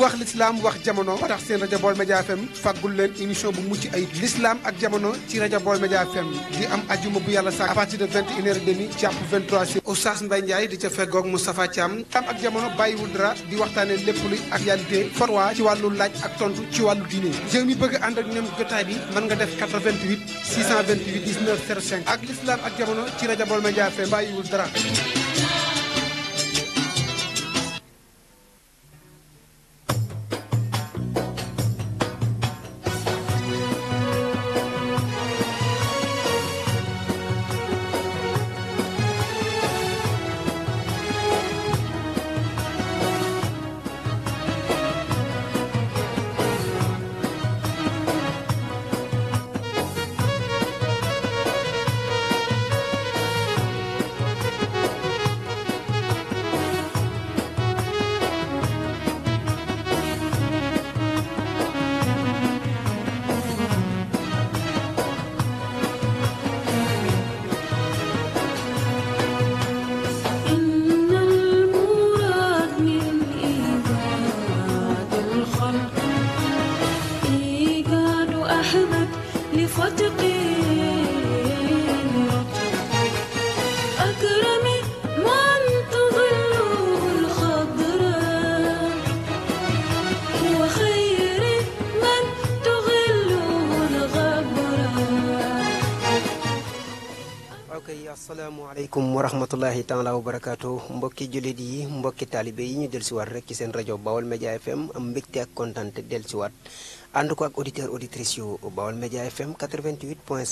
wax l'islam wax jamono tax seen rajo Baol Média FM fàggul leen émission bu mucc ay l'islam ak jamono ci rajo Baol Média FM di am ajuma bu yàlla sàkk à partir de vingt et une heures demi jàpp vingt trois si Oustaz Mbaye Ndiaye di ca feggoog Moustapha ak jamono bàyyiwul dara di waxtaane lépp luy actualité forwa ci wàllu laaj ak tontu ci wàllu diine yow mi bëgg ànd ak ñoom jotaay bi mën nga def 88 628 19 05 ak l'islam ak jamono ci rajo Baol Média FM bàyyiwul dara wa rahmatullahi taala wa barakaatu mbokki jullit yi mbokki taalibe yi ñu dellusiwaat rek ci seen rajo Bawol Media FM am mbégte ak kontaan te ànd ko ak auditeur auditrice yu Bawol Média FM 88 point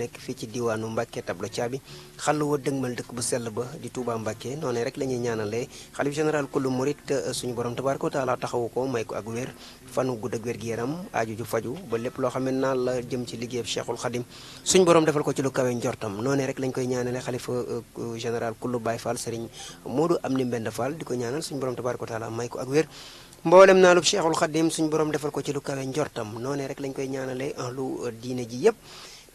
nekk fii ci diwaanu Mbacke tablo caabi xàll wa dëgmal dëkk bu sell ba di Touba Mbacke noonu rek la ñuy ñaanalee xalif général kullu murit eh, suñu borom tabaaraka wa taala taxawu ko may ko ak wér fanu gudd ak wér gi yaram ju faju ba lépp loo xam naan la jëm ci liggéeyab Cheikhul Khadim suñu borom defal ko ci lu kawe njortam noonu rek lañ koy ñaanalee xalifa eh, général kullu Baye Fall Serigne Modou Amni Mbend Fall di ko ñaanal suñu borom tabaaraka wa taala may ko ak wér mboolem naa lu cheikhul xadim suñu borom defal ko ci lu kawe njortam noonee rek lañ koy ñaanale en lu euh, diine ji yëpp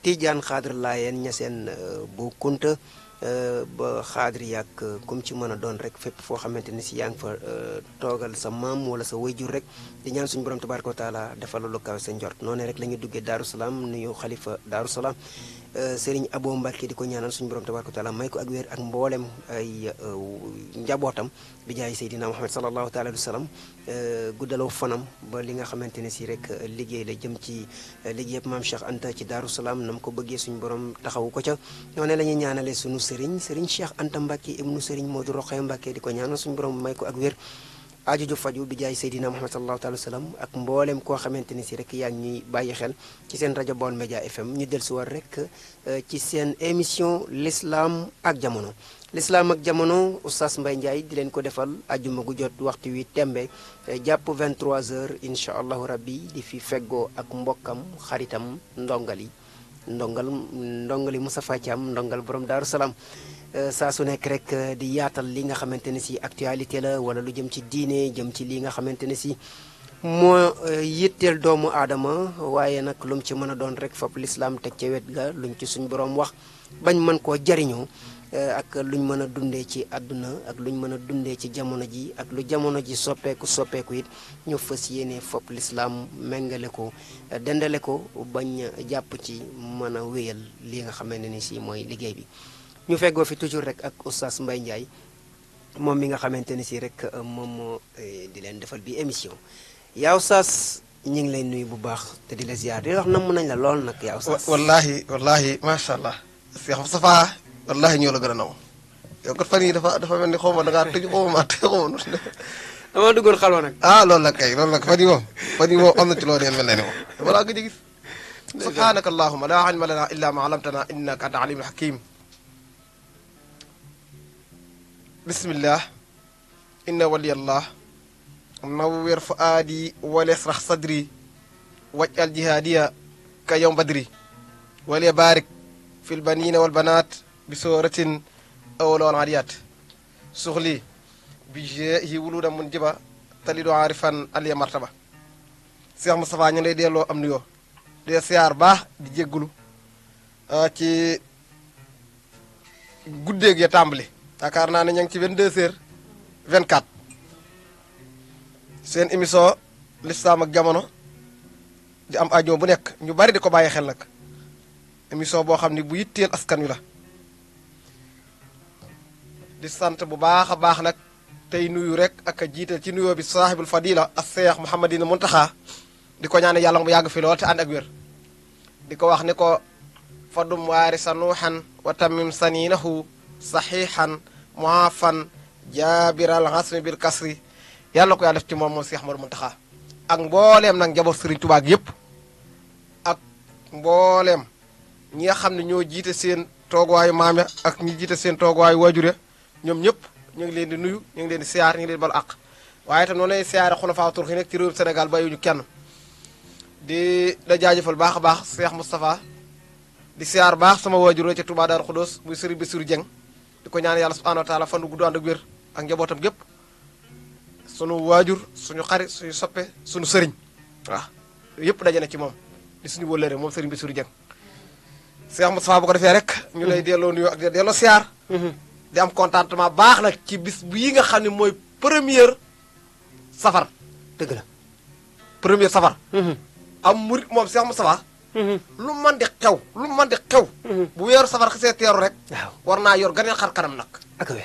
tijaan xaadir laayeen ñaseen euh, bu kunta euh, ba xaadir yàgg comme ci mën a doon rek fépp foo xamante ni si yaa ngi fa toogal sa maam wala sa jur rek di ñaan suñu borom tabaraka wa taala defal lu kawe sa njort noonee rek la ñuy duggee daaru salaam nuyu xalifa daaru salaam Euh, Serigne Abo Mbacke di ko ñaanal suñu borom tabaraka taala may ko ak wér ak mboolem ay euh, njabootam bi jaay Seydina Muhammad sallallahu taala alayhi wa sallam euh, guddaloo fanam ba li nga xamante ne si rek liggéey la jëm ci liggéey liggéeyab maam Cheikh Anta ci Daaru Salaam nam ko bëggee suñu borom taxawu ko ca noonu la ñuy ñaanalee suñu Serigne Serigne Cheikh Anta Mbacke ibnu Serigne Modou Rokhaya Mbacke di ko ñaanal suñu borom may ko ak wér aajo ju faju bi jaay Seydina Muhammad sallallahu alayhi wa ak mbooleem koo xamante ni si rek yaa ngi ñuy bàyyi xel ci seen rajo Baol Média FM ñu del suwar rek euh, ci seen émission lislaam ak jamono lislaam ak jamono oustaz Mbaye Ndiaye di leen ko defal ajuma gu jot waxtu wi tembe euh, jàpp 23h incha allahu rabbi di fi feggoo ak mbokkam xaritam ndongali ndongal ndongali Moussa am ndongal borom Daaru Salaam Eh, saa su nekk rek eh, di yaatal li nga xamante ne si actualité la wala lu jëm ci diine jëm ci lii nga xamante ne si moo eh, yitteel doomu aadama waaye nag lum ci mën a doon rek fab lislaam teg ca wet ga luñ ci suñ borom wax bañ mën koo jariñoo ak lu luñ mën a dundee ci àdduna ak lu luñ mën a dundee ci jamono ji ak lu jamono ji soppeeku soppeeku it ñu fas yéene fopp lislaam méngale ko dendale ko bañ jàpp ci mën a wéyal li nga xamante ne si mooy liggéey bi ñu fegoo fi toujours rek ak oustaz mbay Ndiaye moom mi nga xamante ni si rek euh, moom moo euh, di leen defal bi émission yaa oustaz ñu ngi lay nuyu bu baax te di la ziar di wax namm nañ la lool nag yaa oustaz. wallaahi wallaahi macha allah. Cheikh Moustapha wallaahi ñoo la gën a naw yow kat fan dafa dafa mel ni xaw ma da ngaa tëj xaw ma maa duggoon xalwa ah loolu la kay loolu la fan moom fan moom am na ci loo deen mel ne ni moom. voilà nga gis. subhaanaka laa ilma lanaa illaa maa allamtanaa innaka anta alimul bismillah inna waliyallah nawwir fuaadi walisrah sadri waj jihaadiya ka yowm badri wali barik fi lbanina walbanat bi sooratin awlowal adiyat suhli bi jeihi wuluda mun jiba talido arifan aliya martaba Cheikh Moustapha ñu lay delloo am nuyoo dee siyaar baax di jéggulu ah, ci guddeeg ya tàmbali yaakaar naa ne ña ngi ci 22 vingt 24 seen émission l'islam ak jamono di am ajo bu nekk ñu bari di ko bàyyi xel nag émission boo xam ne bu yitteel askan wi la di sant bu baax a baax nag tey nuyu rek ak a jiital ci nuyoo bi saaxibul fadila ak seex Muhammadina Muntaxa di ko ñaane yàlla mu yàgg fi lool te ànd ak wér di ko wax ne ko fadum waari sa nuuxan wa tamim saniinahu saxiixan muafan jaabiral xasmi bil kasri yàlla na ko yàlla def ci moom moom Cheikh Ahmadou Mountakha ak mbooleem nag njaboot Serigne Touba yëpp ak mbooleem ñi nga xam ne ñoo jiite seen tooguwaayu maam ya ak ñi jiite seen tooguwaayu waajur ya ñoom ñëpp ñu ngi leen di nuyu ñu ngi leen di siyaar ñu ngi leen balu àq waaye itam noonu lay siyaare xulafaa tur yi nekk ci réewum Sénégal bàyyiwuñu kenn di da jaajëfal baax a baax Cheikh Moustapha di siyaar baax sama waajur ca Touba Darou Khoudoss muy Serigne Bassirou Dieng di ko ñaan yàlla subhanahu wa taala fan gu ànd ak wér ak njabootam gépp sunu waajur suñu xarit suñu soppe suñu sëriñ waaw yëpp daje na ci moom di suñu wëllëre moom sëriñ Bassirou Dieng Cheikh Moustapha bu ko defee rek ñu lay delloo nuyoo ak delloo siyaar mhm. di am contentement baax nag ci bis yi nga xam ne mooy première safar dëgg la première safar mhm. am murit moom Cheikh Moustapha Mm-hmm. lu man di xew lu man di xew mm-hmm. bu weeru safar xasee teeru rek war naa yor ganeen xar kanam nag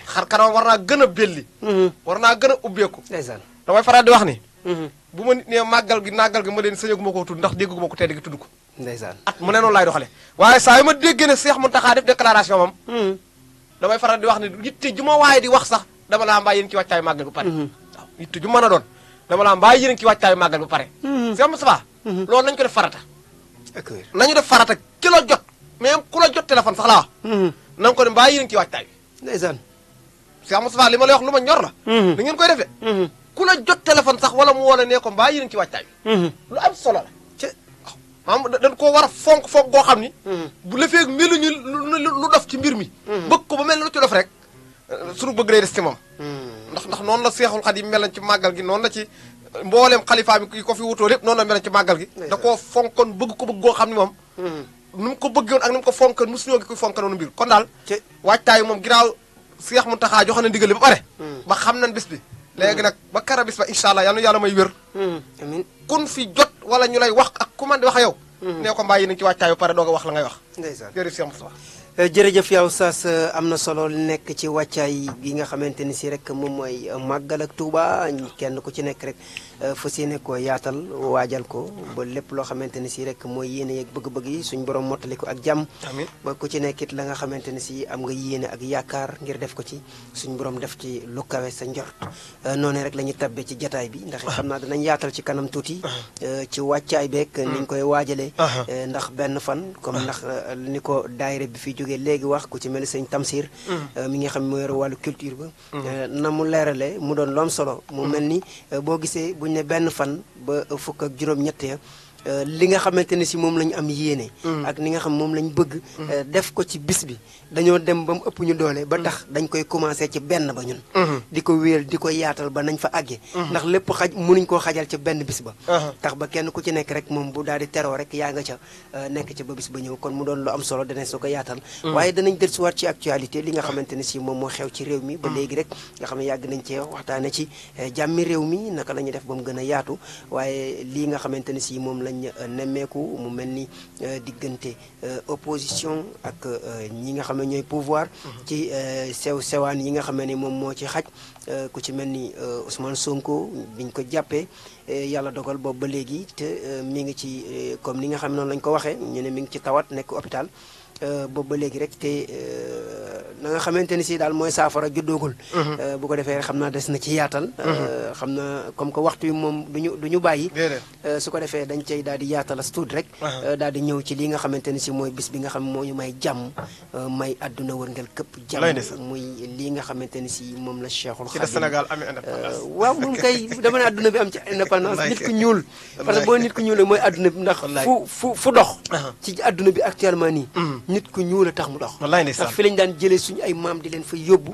xar kanam war naa gën a belli mm-hmm. war naa gën a ubbeeku damay faral di wax ni bu ma nit nee màggal gi nàggal gi ma leen sañagu ma ko tudd ndax déggu ma ko tedd gi tudd ko ndeysaan at mu ne noonu laay doxale waaye saa yu ma déggee ne Seex Muntaxa def déclaration moom damay faral di wax ne yitte ju ma waaye di wax sax dama laa mbaa yéen ci wàccaayu màggal bu pare waaw yitte ju mën a doon dama laa mbaa yéen ci wàccaayu màggal bu pare Seex Mustafaa loolu nañu ko def farata nañu def farata ki jot même ku la jot téléphone sax laa wax hmm. na ko ne mbaa yéen ci waajtaay bi ndeysaan Cheikh Moustapha li ma lay wax lu ma ñor la da hmm. ngeen koy defee hmm. ku la jot téléphone sax wala mu woon a ne ko mbaa yéen ci waajtaay bi lu am solo la ci maam dañ ko war fonk fonk goo xam ni bu lefeeg meluñu lu dof ci mbir mi bëgg ko bu mel ni lu ci dof rek suñu bëgg day des ci moom ndax ndax noonu la Seexul Xadiim mel na ci màggal gi noonu la ci mboolem xalifaam yi ko fi wutoo lépp noonu la mel ci màggal gi da koo fonkoon bëgg ko bëgg goo xam ne moom hmm. nu mu ko bëggoon ak nu mu ko fonkoon mosuñoo gi koy fonkanoonu mbir kon daal waajtaayu moom ginaaw Seex Muntaxa joxe na ndigal li ba pare hmm. ba xam nañ bis bi hmm. léegi nag ba kara bis ba incha allah yal na yàlla may wér amiin kun fi jot wala ñu lay wax ak ku man di wax yow nee ko mbàyyi nañ ci waajtaay ba pare doog wax la ngay wax jërëjëf Seex Mustafa Eh, jërëjëf yow sa eh, am na solo nekk ci wàccaay gi nga xamante ni si rek moom mooy eh, màggal ak Touba kenn ku ci nekk rek. Euh, fas yéene ko yaatal waajal ko ba lépp loo xamante ne si rek mooy yéene yeeg bëgg-bëgg yi suñu borom mottali ko ak jàmm ba ku ci nekkit la nga xamante ne si am nga yéene ak yaakaar ngir def ko ci suñ borom def ci lu kawe sa njort ah. euh, noonu rek la ñu ci jataay bi ndax ah. xam naa danañ yaatal ci kanam tuuti ah. euh, ci wàccaay beek hmm. niñ koy waajalee ndax benn fan comme ndax ni ko daayira bi fi jógee léegi wax ku ci mel sëñ Tamsir hmm. mi nga xam ne moo wàllu culture ba hmm. na mu leerale mu doon lu am solo ni boo gisee buñ benn fan ba fukk ak juróom-ñett ya Euh, li nga xamante ne si moom la ñu am yéene. Mm. ak ni nga xam moom la ñu bëgg. Mm. Euh, def ko ci bis bi dañoo dem ba mu ëpp ñu doole. ba mm. tax dañ koy commencé ci benn ba ñun. Mm-hmm. di ko wéel di ko yaatal ba nañ fa àggee. Mm-hmm. ndax lépp xaj mënuñ koo xajal ci benn bis ba. Uh-huh. tax ba kenn ku ci nekk rek moom bu daal di teroo rek yaa nga ca euh, nekk ca ba bis ba ñëw kon mu doon lu am solo danañ soo ko yaatal. waaye danañ dellusiwaat ci actualité li nga xamante ne si moom moo xew ci réew mi. ba léegi rek nga xam ne yàgg nañ cee waxtaane ci jàmmi réew mi naka la ñuy def ba mu gën a yaatu waaye lii nga xamante ne si moom la lañ euh, nemmeeku mu mel ni euh, diggante euh, opposition ak ñi nga xam ne ñooy pouvoir. Mhm. ci sew sewaan yi nga xam ni moom moo ci xaj ku ci mel ni Ousmane Sonko biñ ko jàppee yàlla dogal boobu ba léegi te mi ngi ci comme ni nga xam noonu lañ ko waxee ñu ne mi ngi ci tawat nekk hôpital. Euh, boobu ba léegi rek te euh, na nga xamante ni si daal mooy saafara juddoogul. Mhm. Euh, bu ko defee xam naa des na ci yaatal. Mhm. xam na comme que waxtu yi moom du ñu du ñu bàyyi. su ko defee dañ cay daal di yaatal as tuut rek. Mhm. daal di ñëw ci lii nga xamante ni si mooy bis bi nga xam moo ñu may jàmm. may àdduna wërngal këpp. jàmm muy li nga xamante ni si moom la Cheikhul Khadim. ci la Sénégal waaw moom kay dama ne àdduna bi am ci indépendance nit ku ñuul. parce que boo nit ku ñuul mooy àdduna bi ndax fu fu fu dox. ci àdduna bi actuellement nii. nit ku ñuul a tax mu dox. wallaay ndeysaan ndax fi lañ daan jëlee suñu ay maam di leen fa yóbbu.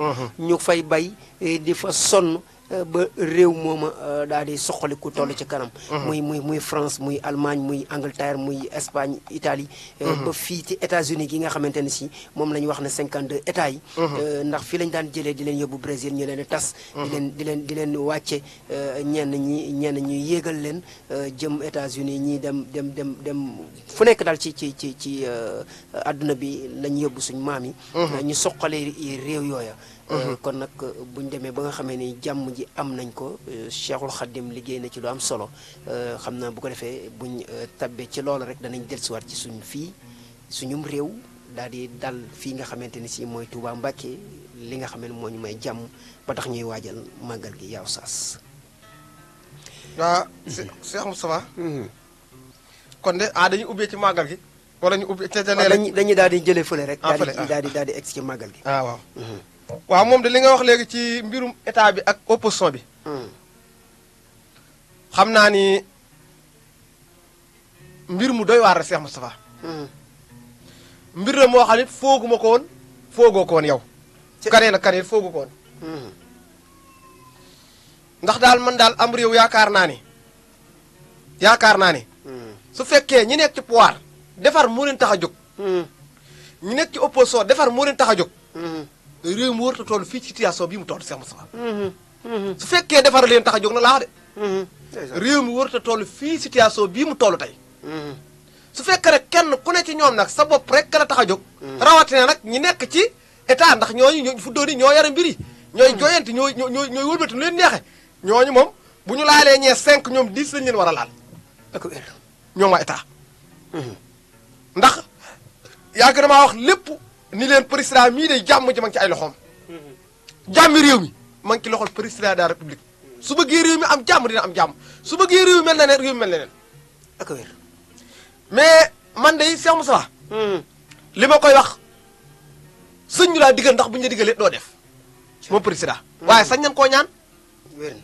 ñu fay bay eh, di fa sonn. Euh, ba réew mooma euh, daal di soqaliku toll ci kanam. Mmh. muy muy muy France muy Allemagne muy Angleterre muy Espagne Italie. Euh, mmh. ba fii ci États-Unis gi nga xamante ni si moom la ñu wax ne 52 états yi. Mmh. ndax fii lañ daan jëlee di leen yóbbu Brésil ñu leen tas. di leen di leen di leen wàcce ñenn ñi ñenn ñi yéegal leen jëm États-Unis ñii dem dem dem dem fu nekk daal ci ci ci ci àdduna bi lañ yóbbu suñ maam yi. ñu soqalee réew yooya. Euh, mhm. kon nag euh, bu demee ba nga xamee ni jàmm ji am nañ ko euh, Cheikhul Khadim liggéey na ci lu am solo xam na bu ko defee buñ tabbee ci loolu rek danañ dellusiwaat ci suñu fii suñum réew daal di dal fii nga xamante ni si mooy Touba Mbacke li nga xam ne moo ñu may jàmm ba tax ñuy waajal màggal gi yaaw saas. waaw Cheikh mhm. kon de ah dañuy ubbee ci màggal gi. wala ñu ubbee te ah, dañuy daal di jële fële rek. Ah, ah. daal di daal di egg ci màggal gi. ah waaw moom de li nga wax léegi ci mbirum état bi ak opposition bi. Hmm. xam naa ni mbir mu doy waar la Cheikh Moustapha. Hmm. mbir la fooguma koon ne foogu ma yow. ci kaneen ak kaneen foogu ko hmm. ndax daal man daal am réew yaakaar naa ni yaakaar naa ni su fekkee ñi nekk ci pouvoir defar moo leen tax a jóg. ñi nekk ci opposition defar moo leen tax a jóg. réew mi warut a fii ci situation bii mu toll Cheikh Moustapha. Mhm, mhm. su fekkee defar leen tax a jóg na laa de. Mhm. réew mi warut a toll fii situation bii mu toll tey. su fekkee nag kenn ku nekk ci ñoom nag sa bopp rek la tax a jóg. rawatina nag ñi nekk ci état ndax ñooñu ñoo fu doon ñoo yare mbir yi. ñooy jooyanti ñooy ñooy ñooy wëlbati nu leen neexee. ñooñu moom bu ñu laalee ñee 5 ñoom diis lañ leen war a laal ñoom waa état. ndax yàgg na maa wax lépp. ni leen président mii de jàmm ji ma ngi ay loxoom jàmmi réew mi ma ngi ci loxol prisident de la république su bëggee réew mi am jàmm dina am jàmm su bëggee réew mel na ne réew mi mel na ne ak wér mais man de Cheikh Moussa hmm. li ma koy wax sëñ ñu laa digal ndax bu ñu la digalee doo def moom président hmm. waaye sañ nañ koo ñaan wér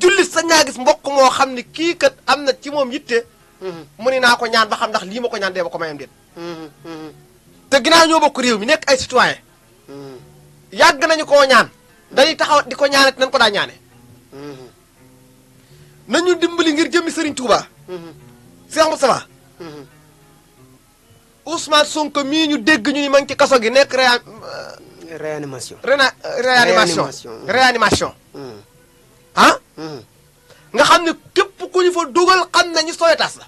na sañ naa gis mbokk moo xam ne kii kat am na ci moom yitte hmm. mu ni naa ko ñaan ba xam ndax lii ma ko ñaan dee ba ko mayam déet te naa ñoo bokk réew mi nekk ay citoyen mm-hmm. yàgg nañu koo ñaan mm-hmm. dañuy taxaw di ko ñaanati nañ ko daa ñaane mm-hmm. nañu dimbali ngir jëmmi Serigne Touba. Cheikh Moustapha. Ousmane Sonko mii ñu dégg ñu ni ma ci kaso gi nekk réa. Euh, euh, réanimation réanimation réanimation. Ah? nga xam ne képp ku ñu fa dugal xam nañu soyataas la.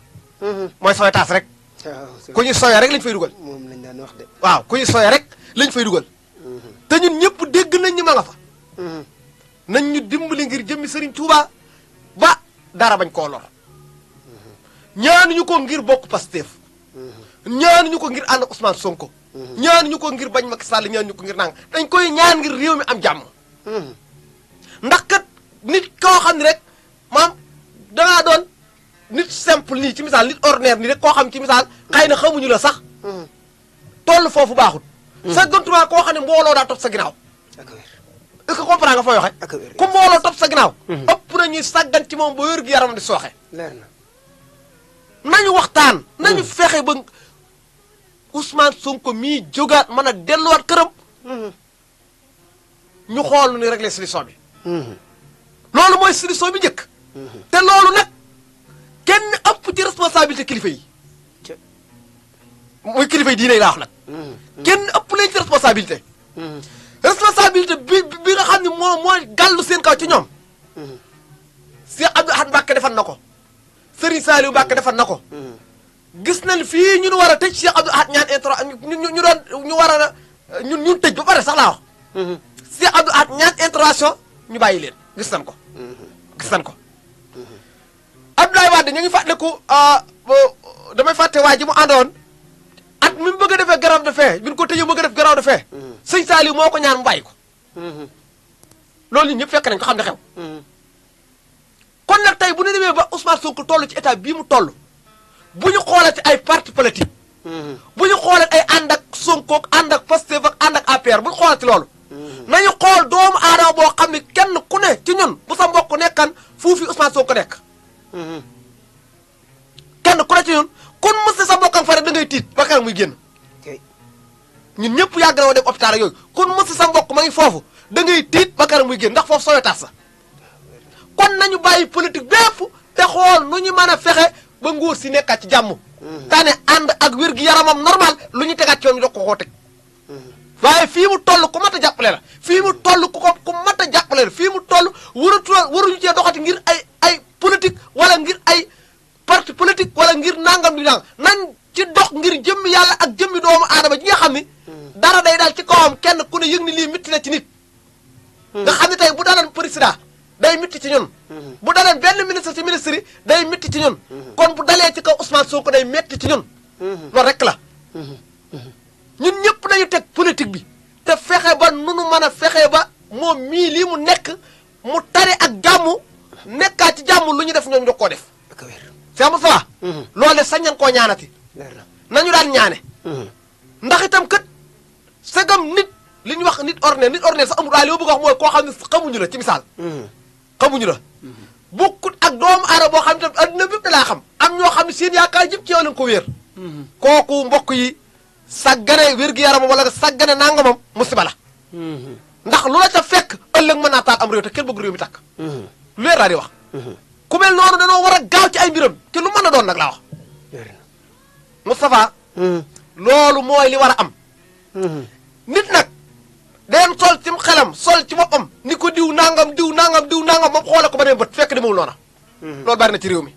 mooy soyataas rek. Ah, ku ñu soyee rek lañ fay dugal. waaw ku yi sooy rek lañ fay dugal mm-hmm. te ñun ñëpp dégg nañ ñu ma nga fa mm-hmm. nañ ñu dimbali ngir jëmmi sëriñ Tuuba ba dara bañ koo lor mm-hmm. ñaanuñu ko ngir bokk Pastef ñaanuñu ko ngir ànd ak Ousmane Sonko ñaanuñu ko ngir bañ Macky Sall ñaanuñu ko ngir nang dañ koy ñaan ngir réew mi am jàmm ndax nit koo xam ne rek maam dangaa doon nit simple nii ci misaal nit ordinaire nii rek koo xam ci misaal xëy na xamuñu la sax toll foofu baaxut. Hmm. sa koo xam ne mbooloo daa topp sa ginnaaw. est hmm. ëpp na ñuy sàggan ci moom ba wér yaram di sooxe. leer na nañu waxtaan. Hmm. nañu fexe ba Ousmane Sonko mii jógaat mën a delluwaat këram. ñu xool nu ni réglé solution bi. loolu mooy solution bi njëkk. te loolu nag kenn ëpp ci responsabilité kilifa yi. mooy kilifa yi diine laa wax nag. Mm-hmm. kenn ëpp leen ci responsabilité. Mm-hmm. responsabilité bi bi nga xam ne moo mooy gàllu seen kaw ci ñoom. Mm-hmm. Cheikh Abdou Ahad Mbacké defan na ko. Serigne Saliou Mbacké defan na ko. gis nañ fii ñu war a tëj Cheikh Abdou Ahad ñaan intro ñu ñu doon ñu war a ñun ñun tëj ba pare sax laa wax. Cheikh Abdou Ahad ñu bàyyi leen gis nañ ko. gis nañ ko. Abdoulaye Wade ñu ngi fàttaliku ah, damay fàtte waa ji mu àndoon. mi mu bëgg defee garab de fin bi ñu ko tëjee bëgg a sëñ Saliou moo ko ñaan mu bàyyi ko loolu ñun ñëpp fekk nañ ko xam ne xew kon nag tey bu ne demee ba Ousmane Sonko toll ci état bii mu toll bu ñu xoolati ay parti politique bu ñu xoolat ay ànd ak Sonko ak ànd ak Pastef ak ànd ak APR bu ñu xoolati loolu nañu xool doomu aadama boo xam ne kenn ku ne ci ñun bu sa ku nekkan fu fi Ousmane Sonko nekk kenn ku ne ci ñun kon mës sa mbokk ak fare da ngay tiit bakkaar muy génn ñun ñëpp yàgg wa woo dem hôpital yooyu kon mës sa mbokk ma ngi foofu da ngay tiit bakkaar muy génn ndax foofu sooy tax sa kon nañu bàyyi politique bépp te xool nu ñu man a fexe ba nguur si nekkaat ci jàmm mhm. taane ànd ak wér gi yaramam normal lu ñu tegaat ci yoon ñu doog ko mhm. waaye fii mu toll ko mat a jàppale la fii mu toll ku ko ku mat a jàppale la fii mu toll waratu waruñu cee doxati ngir ay ay politique wala ngir ay parti politique wala ngir nangam du nang nan ci dox ngir jëmmi yàlla ak jëmmi doomu aadama ji nga xam ni. Hmm. dara day daal ci am kenn ku ne yëg ni lii mitti na ci nit. Hmm. nga xam ne tey bu daan président day mitti ci ñun. Hmm. bu daan benn ministre ci ministre yi day mitti ci ñun. kon bu dalee ci kaw Ousmane Sonko day metti ci ñun. loolu rek la. ñun ñëpp nañu teg politique bi te fexe ba nu nu mën a fexe ba moom mii lii mu nekk mu tari ak jàmm nekkaat ci jàmm lu ñu def ñoom ñoo koo Cheikh Moustapha loole sañ nañ koo ñaanati ñu daan ñaane mhm. ndax itam kët sagam nit li ñu wax nit ordinaire nit ordinaire sax amul waaye li ma bëgg wax ko koo xam ne ñu la ci misaal mhm. xamuñu la mhm. bokkut ak doomu ara boo xam ne tam adduna bépp da laa xam am ñoo xam ne seen yaakaar jëpp ci yow ko wéer kooku mbokk yi saggane wér-gu-yaramam wala nga saggane nangamam musiba la ndax lu la ca fekk ëllëg mën na taal am réew te kenn bëgg réew mi takk lu leer daa ku mel noonu danoo war a gaaw ci ay mbiram ci lu mën a doon nag laa wax. Hmm. loolu mooy li war a am. Hmm. nit nag den sol ci xelam sol ci boppam ni ko diw nangam diw nangam diw nangam moom xoole ko ba demee bët fekk demewul noona hmm. lool bari na ci rew mi.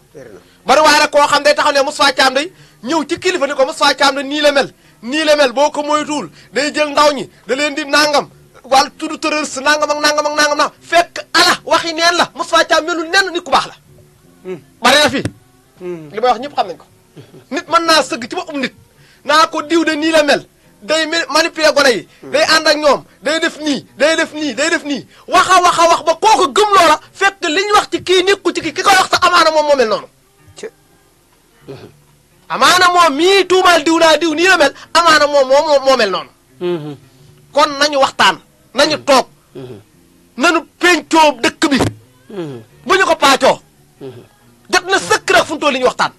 bari waaye nag koo xam day taxaw ne Moustapha Thiam day ñëw ci kilifa ni ko Moustapha Thiam day nii la mel nii la mel boo ko moytuwul day jël ndaw ñi da leen di nangam. wàllu tudd terroriste nangam ak nangam ak nangam ak fekk ala waxi neen la Moustapha Thiam melul nenn nit ku baax la. bari na fi. li may wax ñëpp xam nañ ko. nit mën naa sëgg ci ba um nit naa ko diw de nii la mel. day manipuler gone yi. day ànd ak ñoom day def nii day def nii day def nii wax a wax a kooku gëm loola fekk li ñu wax ci kii nekku ci kii ki ko wax sax amaana moom moo mel noonu. amaana moom mii tuumaal diw naa diw nii la mel amaana moom moo moo mel noonu. Mhm. kon nañu waxtaan. na nañu toog mm-hmm. nañu pencoo dëkk bi mm-hmm. bu ñu ko paacoo mm-hmm. jot na sëkk nag fu mu ñu waxtaan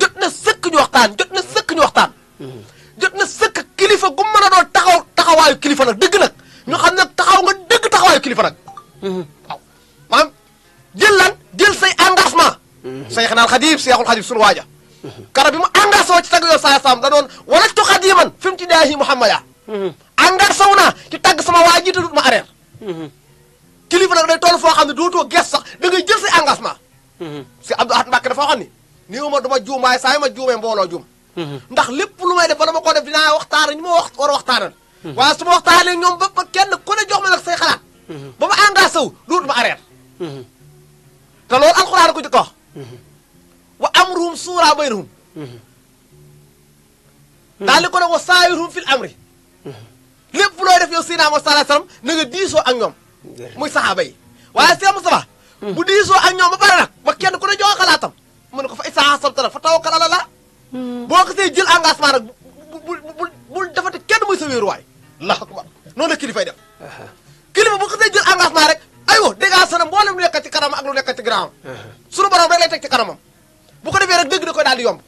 jot na sëkk ñu waxtaan jot na sëkk ñu waxtaan jot na sëkk kilifa gu mën a doon taxaw taxawaayu kilifa na dëgg nag ñu xam nag taxaw nga dëgg taxawaayu kilifa nag waaw maanaam jël lan jël say engagement say xanaan xadib seexul xadib sunu waaja kara bi mu engagé ci tag yoo saa saam da doon wala tu xadiman fi mu ci daahi muhammada angar saw naa ci tàgg sama waa jiite dut ma areer kilifa nag day toll foo xam ne dootoo gees sax da ngay jël say engagement si Abdou Ahad Mbacke dafa waxoon ni néew ma duma juum waaye ma juumee mbooloo juum ndax lépp lu may def bala ma ko def dinaa waxtaan ñu ma wax war a waxtaanal waaye ma waxtaanee ñoom ba kenn ku ne jox ma nag say xalaat ba ma engagé saw dootu ma areer te loolu alxuraan ko ci ko wax wa amruhum suuraa baynahum hmm. daal li ko ne wa saayiruhum fil amri lépp looy def yow Seydina Muhammad sallallahu alayhi na nga diisoo ak ñoom muy saxaaba yi waaye Seydina Mustafa bu diisoo ak ñoom ba pare nag ba kenn ku ne joxe xalaatam mu ne ko fa isaa sabtana fa tawakkal ala la boo ko see jël engagement nag bu bu bu defati kenn muy sa wéeruwaay allahu akbar noonu la kilifay def kilifa bu ko see jël maa rek de dégga sana mboolem lu nekk ci kanam ak lu nekk ci ginnaawam suñu borom rek lay teg ci kanamam bu ko defee rek dëgg da koy daal di yomb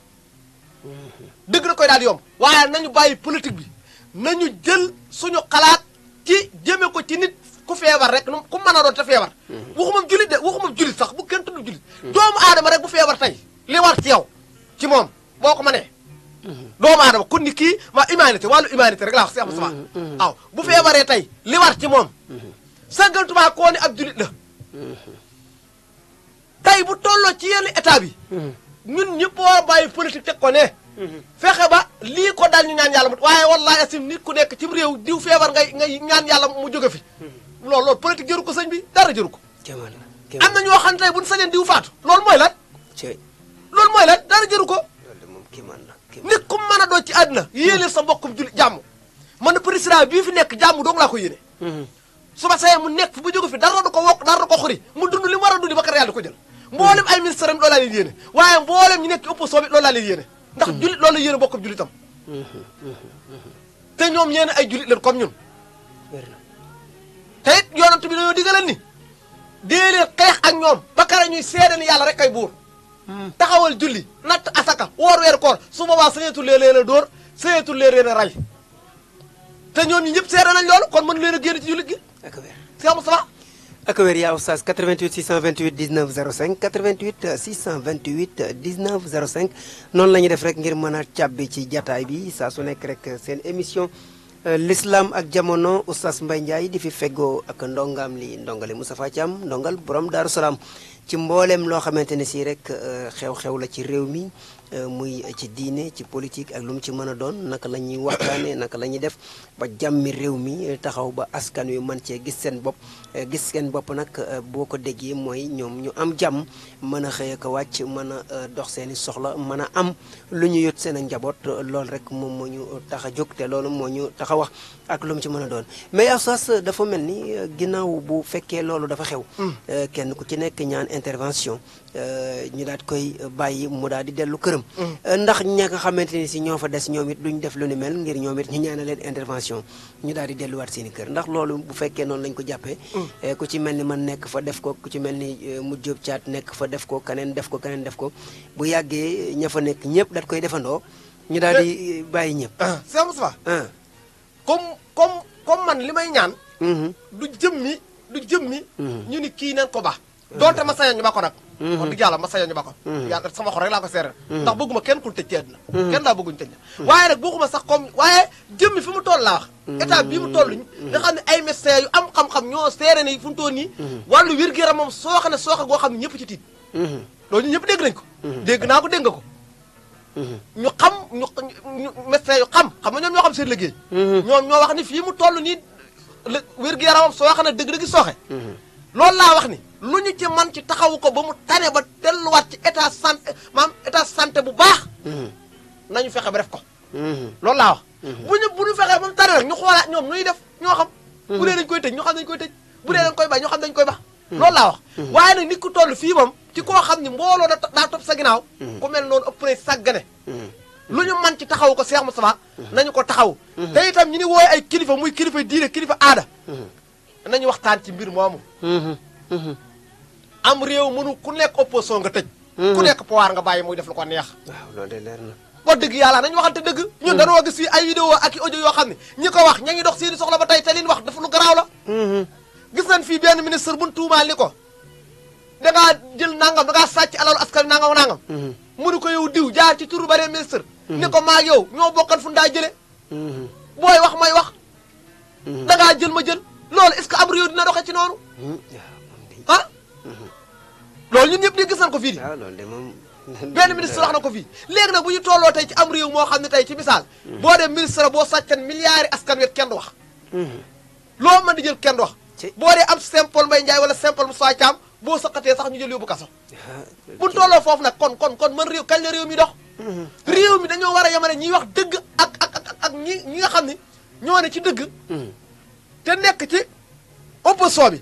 dëgg da koy daal di yomb waaye nañu bàyyi politique nañu jël suñu xalaat ci jëme ko ci nit ku feebar rek ku mën a doon te feebar mm-hmm. waxuma julit de waxuma julit sax bu kenn tudd julit mm-hmm. doomu aadama rek bu feebar tey li ci yow ci moom boo ko mënee mm-hmm. doomu aadama kon ni ma humanité wàllu humanité rek laa wax si am sama bu feebaree tey li ci moom sànqantubaa koo ne ab julit la tey bu tolloo ci yenn état bi ñun ñëpp war bàyyi politique teg ko fexe ba lii ko dal ñu ñaan yàlla mu waaye wallaay asim nit ku nekk ci réew diw feebar nga ngay ñaan yàlla mu jóge fi loolu loolu politique jëru ko sëñ bi dara jëru ko am na ñoo xam ne tey bu ñu sañoon diw faatu loolu mooy lan loolu mooy lan dara jëru ko nit ku mën a ci àdduna yéene sa mbokkum jul jàmm man na président bii fi nekk jàmm dong laa ko yéene mhm. suba saye mu nekk fi ba jóge fi dara du ko wokk dara du ko xuri mu dund li mu war a dund di ko jël mboolem ay ministre am loolu laa leen yéene waaye mboolem ñu nekk opposition bi loolu laa leen ndax jullit loolu yéen a bokk ak jullitam te ñoom ñeen ay jullit leen comme ñun te it yonent bi dañoo digaleen ni dee leen xeex ak ñoom ba kare seede ni yàlla rek kay buur taxawal julli natt asaka woor weer koor su boobaa sañeetul leen a dóor sañeetul leen a ray te ñoom ñi ñëpp seede nañ lool kon mën leen a génn ci gi si amu sama ak wér yaa oustaz 88 628 19 05 88 628 19 05 noonu la ñuy def rek ngir mën a càbbi ci jataay bi saa su nekk rek seen émission euh, l'islam ak jamono usas Mbaye Ndiaye di fi feggoo ak ndongaam li ndongale ndongali ci am ndongal borom Daaru Salaam ci mbooleem loo xamante ne sii rek euh, xew-xew la ci réew mi euh, muy ci diine ci politique ak lu mu ci mën a doon naka la ñuy waxtaane naka la def ba jàmmi réew mi taxaw ba askan wi mën cee gis seen bopp Eh, gis seen bopp nag eh, boo ko déggee mooy ñoom ñu am jàmm mën a xëy ak wàcc mën a eh, dox seen i soxla mën a am lu ñu yot seen a njaboot loolu rek moom moo ñu tax a jóg te loolu moo ñu tax wax ak lu mu ci mën a doon mais asas dafa mel ni ginnaaw bu fekkee loolu dafa xew hmm. kenn ku ci nekk ñaan intervention ñu daat koy bàyyi mu daal di dellu këram hmm. ndax ña nga xamante ni si ñoo fa des ñoom it duñ def lu ni mel ngir ñoom it ñu ñaana leen intervention ñu daal di delluwaat seen i kër ndax loolu bu fekkee noonu lañ ko jàppee Eh, ku ci mel ni man nekk fa def ko ku ci mel ni mu jóob caat nekk fa def ko keneen def ko keneen def ko bu yàggee ña fa nekk ñëpp dat koy defandoo ñu daal di eh, bàyyi ñëpp eh, Cheikh Moustapha comme comme man li may ñaan mhm. du jëmmi du jëmmi mhm. ñu ni kii nen ko baax donte ma sañoon ñu ba ko nag mhm. wax dëgg yàlla ma sañoon ñu ko mhm. yàlla sama xol rek laa ko seeral mhm. ndax bëgguma kenn ku tëj ci àddina kenn daa bëgguñu tëj waaye nag bëgguma sax comme waaye jëmmi fi mu toll laa wax état bii mu toll nga xam ne ay médecins yu am xam-xam seere ne fu mu toll nii wàllu wér-gu-yaram moom sooxe ne sooxe goo xam ne ñëpp ci tiit loolu ñëpp dégg nañ ko dégg naa ko dégg nga ko ñu xam ñu médecins yu xam xam nga ñoom ñoo xam seen liggéey ñoom ñoo wax ni fii mu toll nii wér-gu-yaramam sooxe na dëgg-dëgg sooxe loolu laa wax ni lu ñu ci man ci taxawu ko ba mu tane ba wat ci état santé maam état santé bu baax. Mm-hmm. nañu fexe ba def ko. Mm-hmm. loolu laa wax. Mm-hmm. bu ñu bu ñu fexee ba mu tane rek ñu xoolaat ñoom ñuy def ñoo xam. bu dee dañ koy tëj ñoo xam dañ koy tëj. bu dee dañ koy baax dañ koy baax. loolu waaye nag nit ku toll fii moom ci koo xam ni mbooloo da daa topp sa ginnaaw. ku mel noonu ëpp na lu ñu man ci taxawu ko Cheikh Moustapha nañu ko taxaw te itam ñu ni wooy ay kilifa muy kilifa diine kilifa aada. ñu waxtaan ci mbir moomu. am réew mënu ku nekk opposition nga tëj. Hmm. ku nekk pouvoir nga bàyyi muy def lu ko neex. waaw loolu de leer na. wax dëgg yàlla nañu waxante dëgg. Hmm. ñun dañoo gis fii ay vidéo ak i audio yoo xam ne ñi ko wax ña ngi dox seeni soxla ba tey te liñ wax dafa lu garaaw la. Hmm. gis nañ fii benn ministre bu ñu tuumaal ni ko dangaa jël nangam dangaa sàcc alalu askan wi nangam nangam. mënu ko yow diw jaar ci turu bare ministre. ni ko maa yow ñoo bokkan fu ndaa jëlee. booy wax may wax. dangaa jël ma jël loolu est-ce que am réew dina doxee ci noonu. ah. loolu ñun ñëpp di gis nañ ko fii di ah, benn ministre wax na ko fii léegi nag bu ñu tolloo tey ci am réew moo xam ne tey ci misaal hmm. boo dem ministre boo sàccan milliards askan wet kenn du wax hmm. loo man di jël kenn wax boo dee am simple Mbaye Ndiaye wala simple Moussa Thiam boo saqatee sax ñu jël yóbbu kaso ah, buñ tolloo foofu nag kon kon kon man réew kañ la réew mi dox hmm. réew mi dañoo war a yemale ñiy wax dëgg ak ak ak ak ñi nga xam ne ñoo ne ci dëgg te nekk ci opposition bi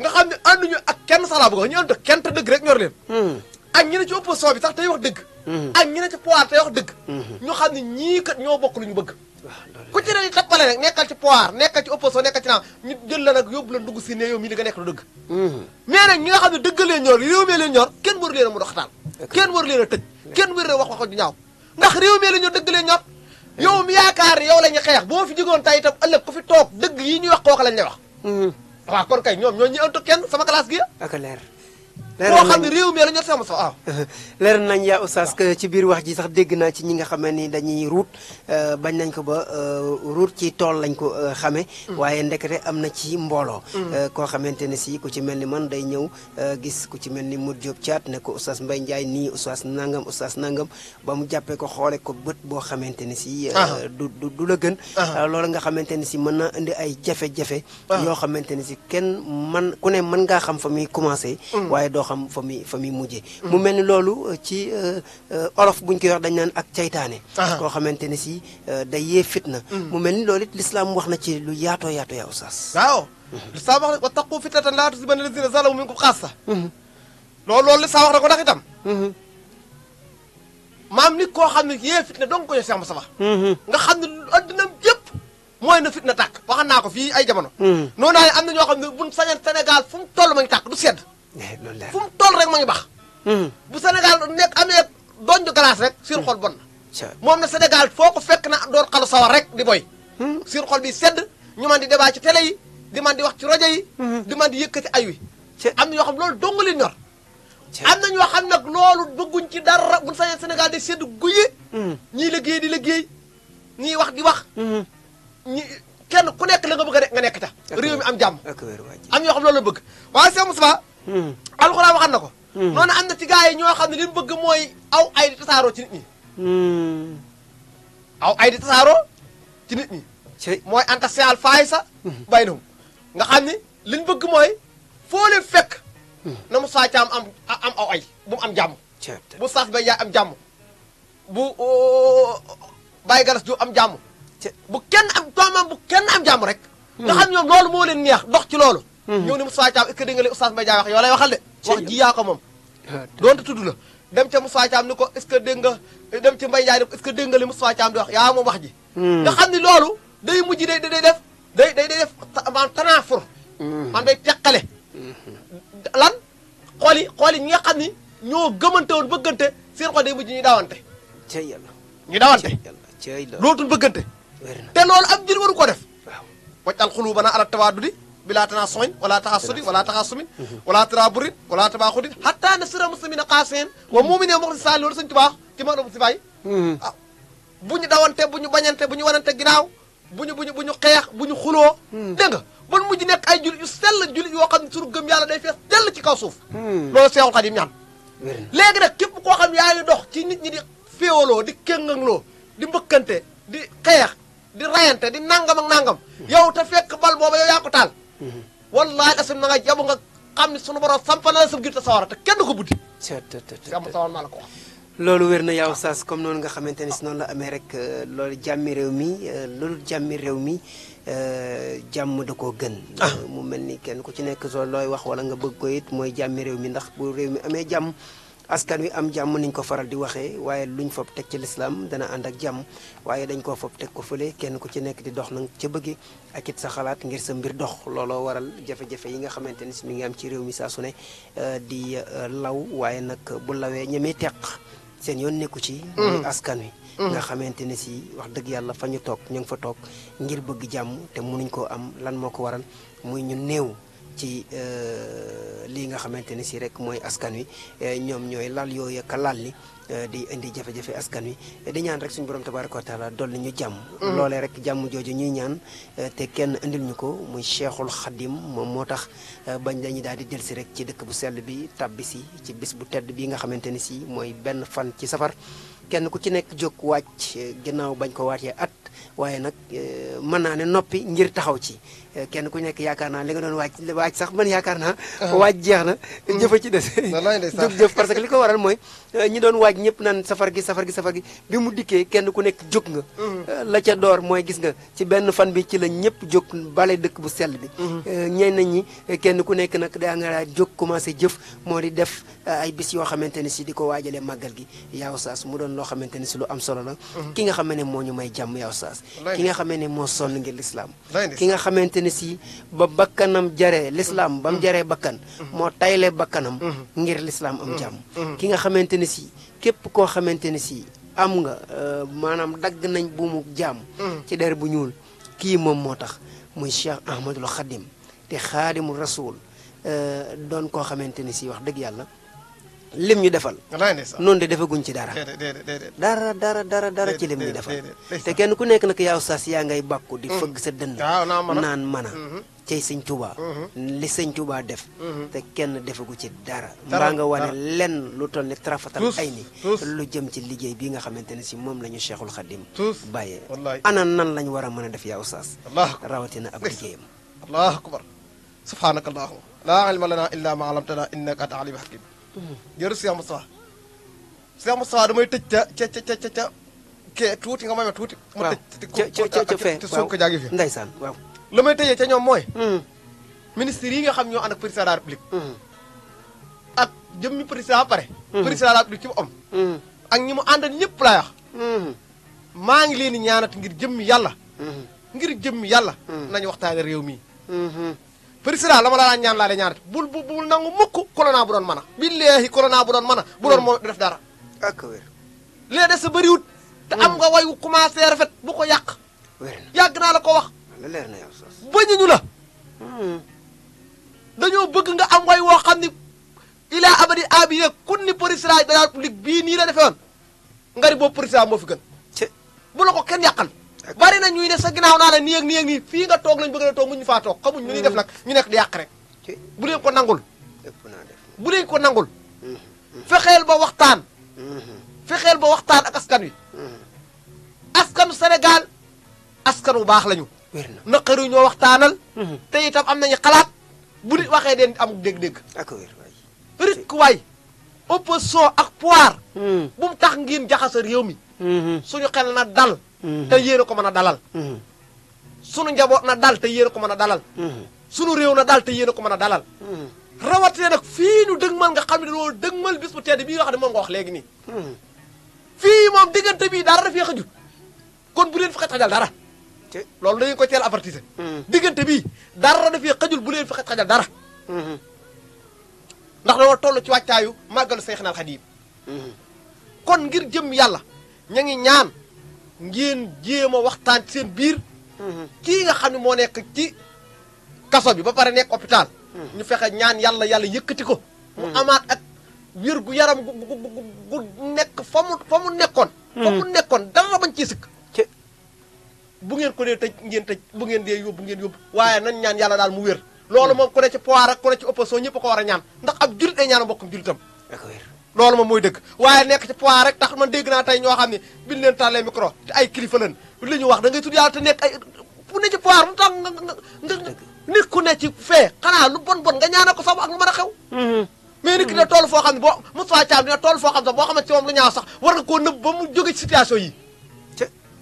nga xam ne ànduñu ak kenn salaabu ko ñu ànd ak kenn te dëgg rek ñor leen. Hmm. ak ñi ne ci opposition bi sax tey wax dëgg. Hmm. ak ñi ne ci pouvoir tey wax dëgg. Hmm. ñu xam ne ñii kat ñoo bokk lu ñu bëgg. Ah, ku ci ne tappale rek nekkal ci pouvoir nekkal ci opposition nekkal ci naam ñu jël la nag yóbbu ne yow mii li nga nekk dëgg. mais nag ñi nga xam ne dëgg leen ñor réew mi ñor kenn war leen a mu doxataan. kenn war leen a tëj kenn waru leen wax wax ju ndax réew mi leen ñor dëgg leen ñor. yow mi yaakaar yow la ñu xeex boo fi jógoon tey itam ëllëg ku fi toog dëgg yi ñuy wax kooku lañ lay wax waaw kon kay ñoom ñoo ñëwantu kenn sama classe gi. ak leer. boo xam ne réew mi la ñor sama sax ah. leer nañ yaa oustaz que ci biir wax ji sax dégg naa ci ñi nga xamee ni dañuy ruut euh, bañ nañ ko ba euh, ruut ci tool lañ ko euh, xamee mm. waaye ndekete am na ci mbooloo mm. koo xamante ne si ku ci mel ni man day ñëw gis ku ci mel ni Modou Diop Thiat ne ko oustaz mbay Ndiaye nii oustaz nangam oustaz nangam ba mu jàppee ko xoole ko bët boo xamante ne si ah. du du du la gën ah. loolu nga xamante ne si mën na indi ay jafe-jafe yoo xamante ne si kenn man ku ne mën ngaa xam fa muy commencé mm. xam fa muy fa muy mu mel ni loolu euh, ci euh, euh, olof buñ koy wax da naan ak caytaane koo xamante ne si day yee fitna mm. mu mel ni loolu it lislaam wax na ci lu yaatoo yaatoo yaa oustaz waaw mm-hmm. lislaam wax na wattaqu fitnatan laa tusiibanna llaziina zalamu minkum xaassa mm-hmm. loolu loolu lislaam wax na ko ndax itam mm-hmm. maam nit koo xam ne yee fitna dong ko yo seex nga xam ne addinam yëpp mooy na fitna tàkk waxoon naa ko fii ay jamono noonu naa am na ñoo xam ne buñ sañan Sénégal fu mu toll mañ tàkk du sedd Eh, loolu la fu mu toll rek ma ngi bax. Hmm. bu Sénégal nekk amee doon ju glace rek. sur xol bon na. moom na senegal foo ko fekk na door xalu sawar rek di boy. Hmm. sur xol bi sedd ñu man di débat ci télé yi di man di wax ci rajo yi. Hmm. di man di yëkkati ay wi. am na ñoo lool loolu dong li ñor. am na ñoo xam nag loolu bëgguñ ci dara buñ sañee Sénégal di sedd guye. ñii liggéey di liggéey ñii wax di wax. ñi kenn ku nekk la nga bëgg a nga nekk ta réew mi am jàmm. am ñoo xam loolu la bëgg waaye alxuraan waxan na ko. Hmm. noonu am na ci gaa yi ñoo xam ne li mu bëgg mooy aw ay di tasaaroo ci nit hmm. aw ay di ci nit ñi. mooy anta seel faay sa. Hmm. nga xam ne li ñu bëgg mooy foo fekk. na mu saa am am aw ay bu mu am jàmm. bu saas bay am jàmm. bu uh, bàyyi galas du am jàmm. kenn am doomam bu kenn am jàmm rek. nga xam ne ñoom loolu moo leen neex dox ci loolu. ñëw ne Moussa Thiam est-ce que dégg nga li Oustaz Mbaye Ndiaye wax yow lay waxal de wax ji yaa moom ah, doonte tudd la dem ca Moussa Thiam ni ko est-ce que dégg nga dem ci Mbaye Ndiaye ni ko est-ce que dégg nga li Moussa Thiam di wax yaa moom wax ji hmm. nga xam ne loolu day mujj day day def day day day def maanaam tanaafur hmm. man day teqale hmm. lan xool yi xool yi ñi nga ni ñoo gëmante woon bëggante seen xol day mujj ñuy dawante cey yàlla ñu dawante te loolu am jël waru ko def waccal xuluubana ala tawaadudi bilaa tanaasoxin wala taxasudin wala taxasumin wala taraaburin wala tabaaxudin xatta nasira muslimina xaaseen wa muminee mox si saan loolu sëñ tubaax ci mag na bu si bàyyi hmm. ah, bu ñu dawante bu ñu bañante bu ñu wanante ginnaaw bu ñu bu ñu bu ñu xeex bu ñu xuloo hmm. dégg nga ban nekk ay julit yu sell julit yoo xam ne sunu gëm yàlla day fees dell ci kaw suuf hmm. loolu seexul xadim ñaan léegi nag képp koo xam yaa ngi dox ci nit ñi di féewaloo di kéngangloo di mbëkkante di xeex di rayante di nangam ak nangam yow te fekk bal booba yow yaa ko wallaahi asim na nga jabu nga xam ne sunu borom sampana la sa gir te sawara te kenn du ko buddi sama ko loolu wér na yow saas comme noonu nga xamante ne si noonu la amee rek euh, loolu jàmmi réew mi euh, loolu jàmmi réew mi euh, jàmm da koo gën ah. mu mel ni kenn ku ci nekk soo looy wax wala nga bëgg ko it mooy jàmmi réew mi ndax bu réew mi amee jàmm askan wi am jàmm niñ ko faral di waxee waaye luñ fob teg ci lislaam dana ànd ak jàmm waaye dañ koo fob teg ko fële kenn ku ci nekk di dox nag ca bëgge ak it sa xalaat ngir sa mbir dox looloo waral jafe-jafe yi nga xamante ni si mi ngi am ci réew mi saa su ne euh, di euh, law waaye nag bu lawee ñemee teq seen nekku ci mm. muy mm. xamante ne si wax dëgg yàlla fa ñu toog ñu ngi fa toog ngir bëgg jàmm te mënuñ koo am lan moo ko waral muy ñun néew ci euh, lii nga xamante ni si rek mooy askan wi euh, ñoom ñooy lal yooyu ka lal li euh, di indi jafe-jafe askan wi di ñaan rek suñu borom tabaaraka wa taala dolli ñu jàmm. Mm-hmm. loole rek jàmm jooju ñuy ñaan te kenn indil ñu ko muy cheikhul xadim moom moo tax bañ dañuy daal di si rek ci dëkk bu sell bi tàbbi si ci bis bu tedd bi nga xamante ni si mooy benn fan ci safar kenn ku ci nekk jóg wàcc ginnaaw bañ ko waatee at. waaye nag eh, mën naa ne noppi ngir taxaw ci eh, kenn ku nekk yaakaar naa li nga doon waaj waaj sax man yaakaar naa ah. waaj jeex na mm. jëfa ci des jóg jëf parce que li ko waral mooy eh, ñi doon waaj ñëpp naan safar gi safar gi safar gi bi mu dikkee kenn ku nekk jóg nga mm. la ca door mooy gis nga ci benn fan bi ci la ñëpp jóg bale dëkk bu sell bi mm-hmm. ñeen nañ ñi kenn ku nekk nag daa nga daa jóg commencé jëf moo di def ay bis yoo xamante ni si di ko waajalee màggal gi yaaw saas mu doon loo xamante ne si lu am solo la mm-hmm. ki nga Oustaz ki nga xamee ne moo sonn ngir lislaam ki nga xamante ne sii ba bakkanam jaree lislaam mm-hmm. ba mu jaree bakkan mm-hmm. moo tayle bakkanam mm-hmm. ngir lislaam am jàmm ki nga xamante ne si képp koo xamante ne si am nga euh, maanaam dagg nañ buumu jàmm ci der bu ñuul kii moom moo tax muy Cheikh Ahmadul Xadim te xaadimul rasul euh, doon koo xamante ne si wax dëgg yàlla lim ñu defal noonu de defaguñ ci dara dara dara dara dara ci lim ñu defal te kenn ku nekk nag yaa ustaas yaa ngay bàkku di mm. fëgg sa dënn naan mana mm-hmm. cey sëñ Tuubaa mm-hmm. li sëñ Tuubaa def mm-hmm. te kenn defagu ci dara mbaa nga wane lenn lu toll ni trafatal ay ni lu jëm ci liggéey bi nga xamante ne si moom la ñu Cheikhul Khadim bàyyee ana nan lañ war a mën a def yaa saas rawatina ab liggéeyam jërëjëf Cheikh Moustapha Cheikh Moustapha damay tëj ca ca ca ca ca kee tuuti nga may ma tuuti. ma tëj ca ca fee waaw ca jaa fi. la may tëjee ca ñoom mooy. Hmm. ministre yi nga xam ñoo ànd ak président de la république. Hmm. ak jëm ñu président ba pare. Hmm. président de ci mu am. ak ñi mu àndal ñëpp laay maa ngi leen di ñaanat ngir jëmmi yàlla. ngir jëmmi yàlla. nañu waxtaane réew mi. président la ma la ñaan laa de ñaan bul bul bul nangu mukk corona bu doon mën a. billaahi corona bu doon mën a bu doon moo def dara. ak wér. lee des sa bëriwut. te am nga wayu commencé rafet bu ko yàq. yàgg naa la ko wax. la leer na yow sos hmm. bëgg nga am way woo xam ni ilaa abadi abiye kun ni président de bii nii la defee woon nga ni boobu président moo fi gën. bu la ko kenn yàqal. bari na ñuy ne sa ginnaaw naa la nii ak nii fii nga toog lañ bëgg a toog mu ñu faa toog xamuñ ñu ñuy def nag ñu nekk di yàq rek bu leen ko nangul bu leen ko nangul mm-hmm. fexeel ba waxtaan mm-hmm. fexeel ba waxtaan ak askan wi mm-hmm. askanu Sénégal askan wu baax lañu naqari ñoo waxtaanal te itam am nañu xalaat bu nit waxee den amuk dégg-dégg rik waay soo ak pouvoir bu mu tax ngeen jaxasa réew mi suñu xel na dal Mm-hmm. te yéen a ko mën a dalal. Mm-hmm. sunu njaboot na dal te yéen ko mën a dalal. Mm-hmm. sunu réew na dal te yéen a ko mën a dalal. rawatina nag fii ñu dëgmal nga xam ne loolu dëgmal bis bu tedd bii nga xam ne moom nga wax léegi nii. fii moom diggante bii dara dafee xajul kon bu leen fi xajal dara. te loolu dañu ko teel avertiser. diggante bii dara dafee xajul bu leen fi xajal dara. ndax dañoo toll ci wàccaayu màggalu Seexna Xaadim kon ngir jëm yàlla ña ngi ñaan. ngeen jéem a waxtaan seen biir. Mhm. kii nga xam ne moo nekk ci kaso bi ba pare nekk hôpital. Mhm. ñu fexe ñaan yàlla yàlla yëkkati ko. mu mhm. amaat ak wér gu yaram gu gu gu nekk fa mu fa mu nekkoon. fa mu nekkoon dara bañ ci sikk. bu ngeen ko dee tëj ngeen tëj bu ngeen dee yóbbu ngeen yóbbu waaye nañ ñaan yàlla daal mu wér. loolu moom ku ne ci pouvoir ak ku ne ci opposition ñëpp ko war a ñaan ndax ab julit ay ñaan mbokkum julitam. loolu moom mooy dëgg waaye nekk ci poids rek tax man dégg naa tey ñoo xam ne biñ leen tàllee micro te ay kilifa lañ li ñu wax da ngay tudd nekk ay bu ne ci poids mu tax nga nga nit ku ne ci fee xanaa lu bon bon nga ñaanal ko fa ak lu mën a xew. Mm-hmm. mais nit tool ne toll foo xam ne boo Moustapha Thiam dina tool foo xam sax boo xamante ci moom lu ñaaw sax war nga koo nëbb ba mu jóge ci situation yi. li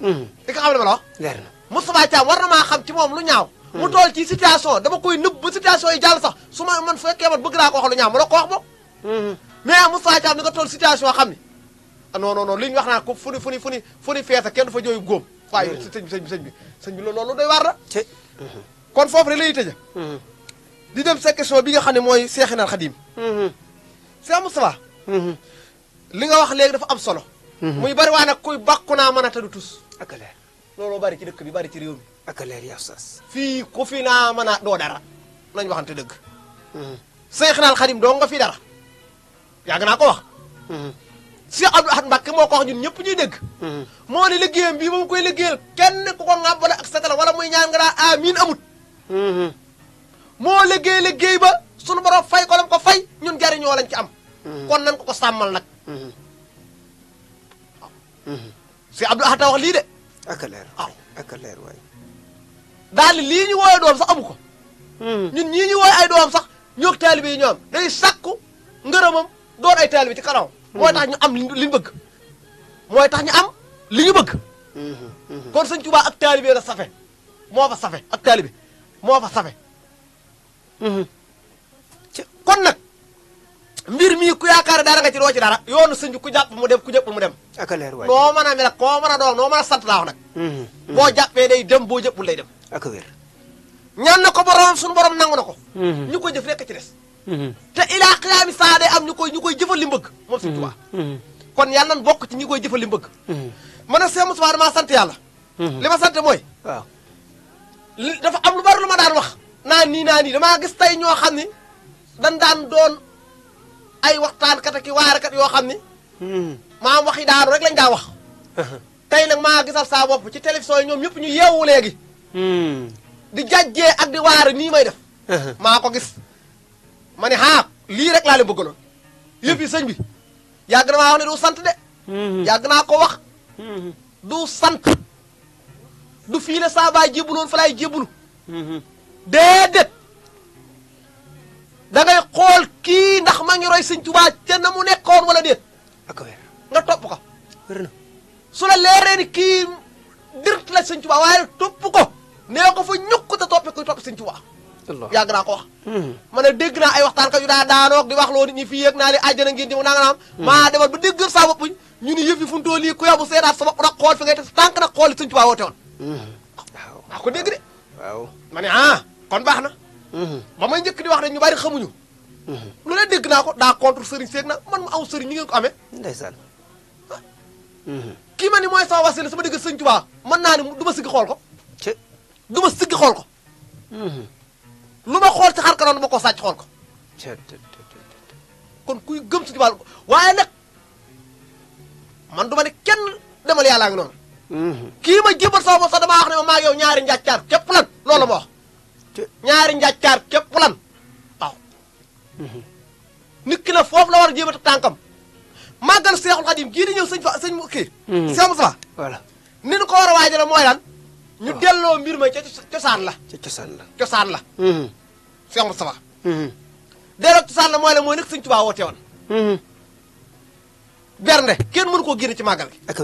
mm-hmm. nga xam ne ma la wax. leer na Moustapha Thiam war na ci moom lu ñaaw. mu mm-hmm. tool ci situation dama koy nëbb ba situation yi jàll sax su ma man fekkee man bëgg naa ko wax lu ñaaw ko wax mais ah, Moustapha Thiam ni nga toll situation xam ni ah, non non non li ñu wax naa ko fu ni fu ni fu ni fu ni feesa kenn du fa jooyu góom waaye mm. sëñ bi sëñ bi sëñ bi sëñ bi loolu doy waar la mm-hmm. kon foofu rek lañuy tëje mm-hmm. di dem sa question bi nga xam ne mooy Seexinal Xadim mm-hmm. Seex Moustapha li nga wax léegi dafa am solo muy bari waa nag kuy bàkku naa mën a tëdd tus ak leer looloo bari ci dëkk bi bari ci réew mi ak leer yaa sas fii ku fi naa mën a doo dara nañ waxante dëgg Seexinal Xadim doo nga fi dara yàgg naa ko wax. Mm-hmm. si Abdou Ahad Mbacke moo ko wax ñun ñëpp ñuy dégg. Mm-hmm. moo ne liggéeyam bii mu koy liggéeyal kenn ku ko ŋàbbale ak satala wala muy ñaan nga daa amut. Mm-hmm. moo liggéey liggéey ba sunu borom fay ko ko fay ñun jariñoo lañ ci am. kon nan ko ko sàmmal nag. si Abdou Ahad wax lii de. ak leer waaw ak leer ñu wooyee doom sax amu ko. ñun ñii ñu wooyee ay doom sax ñoog taalibe yi ñoom day sàkku ngërëmam. doon ay taalibe ci kanam. mooy tax ñu am li ñu bëgg. mooy tax ñu am li ñu bëgg. kon sëñ Tuubaa ak taalibe la safe moo fa safe ak taalibe moo fa safe. ci kon nag mbir mii ku yaakaar dara nga ci doo ci dara yoonu sëñ bi ku jàpp mu dem ku jëpp mu dem. ak a leer waay noo mën a mel ak koo mën a doon noo mën sant laa wax nag. Mhm. boo jàppee day dem boo jëppul lay dem. ak a ñaan na ko borom sunu borom nangu na ko. Mhm. ñu ko jëf rekk ci des. te ilaa xiyaami saa day am ñu koy ñu koy jëfal li mbëgg moom Sëñ Tuubaa kon yàlla nan bokk ci ñu koy jëfal li mbëgg ma ne Seex Mustafaa dama sant yàlla li ma sant mooy waaw dafa am lu bari lu ma daan wax naa nii naa nii damaa gis tey ñoo xam ne dan daan doon ay waxtaan kat ak i waarakat yoo xam ne maam wax yi daanu rek lañ daa wax tey nag maa gisal saa ci télévision yi ñoom ñëpp ñu yeewu léegi hmm. di jàjjee ak di waare nii may def uh-huh. maa ko gis ma ne xaa lii rek laa leen bëggaloon yëf yi sëñ bi yàgg na maa ne du sant de mhm. yàgg naa ko wax mhm. du sant du fii saaba saa baay jébbuloon fa laay jébbulu mhm. déedéet da ngay kii ndax ma ngi roy sëñ Tuubaa ca na mu nekkoon wala déet nga topp ko su la leeree ni kii dirt la sëñ Tuubaa waaye topp ko nee ko fa ñukk te toppe ko topp sëñ yàgg naa ko wax hmm. ma ne dégg naa ay waxtaan ka yu daa daanoog di wax loo nit ñi fii yëg naa li àjjana ngeen di mu nanga naam hmm. maa demal ba dégg saa bopp ñu ñu ni yëf yi fu mu toll nii ku yabu seetaat sa bopp nag xool fi ngay te tànk nag xool sëñ Tuubaa woote woon hmm. waaw ko dégg de waaw ma ne ah kon baax na ba may njëkk di wax rek ñu bari xamuñu lu ne dégg naa ko daa contre sëriñ seeg nag man ma aw sëriñ ni ngeen ko amee ndeysaan ah. kii ma ni mooy sama wasila sama dégg sëñ Tuubaa mën naa ni du ma siggi xool ko du ma siggi xool ko lu ma xool ci xar kanam ma ko sàcc xool ko. kon kuy gëm suñu baal waaye nag man du ma ne kenn demal yàllaa ngi noonu. Mhm. kii ma jébal sama bopp sax damaa maa yow ñaari njàccaar képp lan loolu ma ñaari njàccaar képp lan waaw. Mhm. nit ki na foofu la war a jébal tànkam. màggal Seexul Xadim gii di ñëw sëñ fa sëñ kii. Mhm. Seex Musaa. voilà ni ko war a waajal mooy lan. ñu delloo mbir ma ca cosaan la. ca cosaan la cosaan la. Cheikh mm-hmm. Moustapha. Mm-hmm. delloo cosaan la mooy la mooy nag Sëñ Tuubaa woote woon. Mm-hmm. bernde kenn mënu koo génne ci màggal gi. ak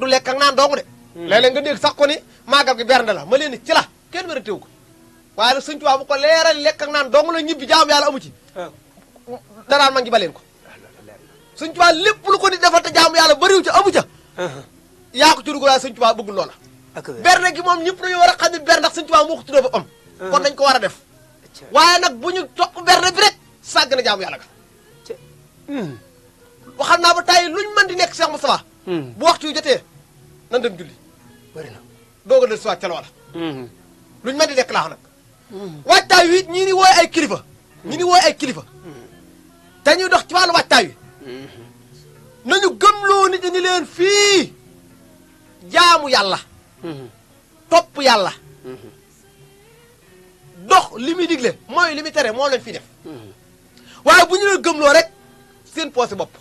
du lekk ak naan dong de. léeg sax ko ni màggal gi bernde la ma leen ci la kenn wérante wu ko waaye nag bu ko leeral lekk ak naan dong la ñibbi jaamu yàlla amu ci. Ah. danaan ma ngi ko. Ah, Sëñ Tuubaa ko waaye sëñ Tuubaa bëgg loola berne gi moom ñëpp dañu war a xam ne berne ndax sëñ Tuubaa moo ko tuddee ba am ah. kon dañ ko war a def waaye nag bu ñu topp berne bi rek na jaamu yàlla ga hmm. waxal naa ba tàyyi luñ mën di nekk Cheikh Moustapha hmm. bu waxtu yu jotee nan dem julli bëri na doog a del soit ca loola hmm. luñ mën di nekk laax nag waajtaay wi ñii ni ay kilifa ñi ni wooy ay kilifa dañuy dox ci wàllu waajtaay wi nañu gëmloo nit ñi leen fii jaamu yàlla mm-hmm. topp yàlla mm-hmm. dox li muy digle mooy li muy tere moo leen fi def mm-hmm. waaye bu ñu leen gëmloo rek seen poose bopp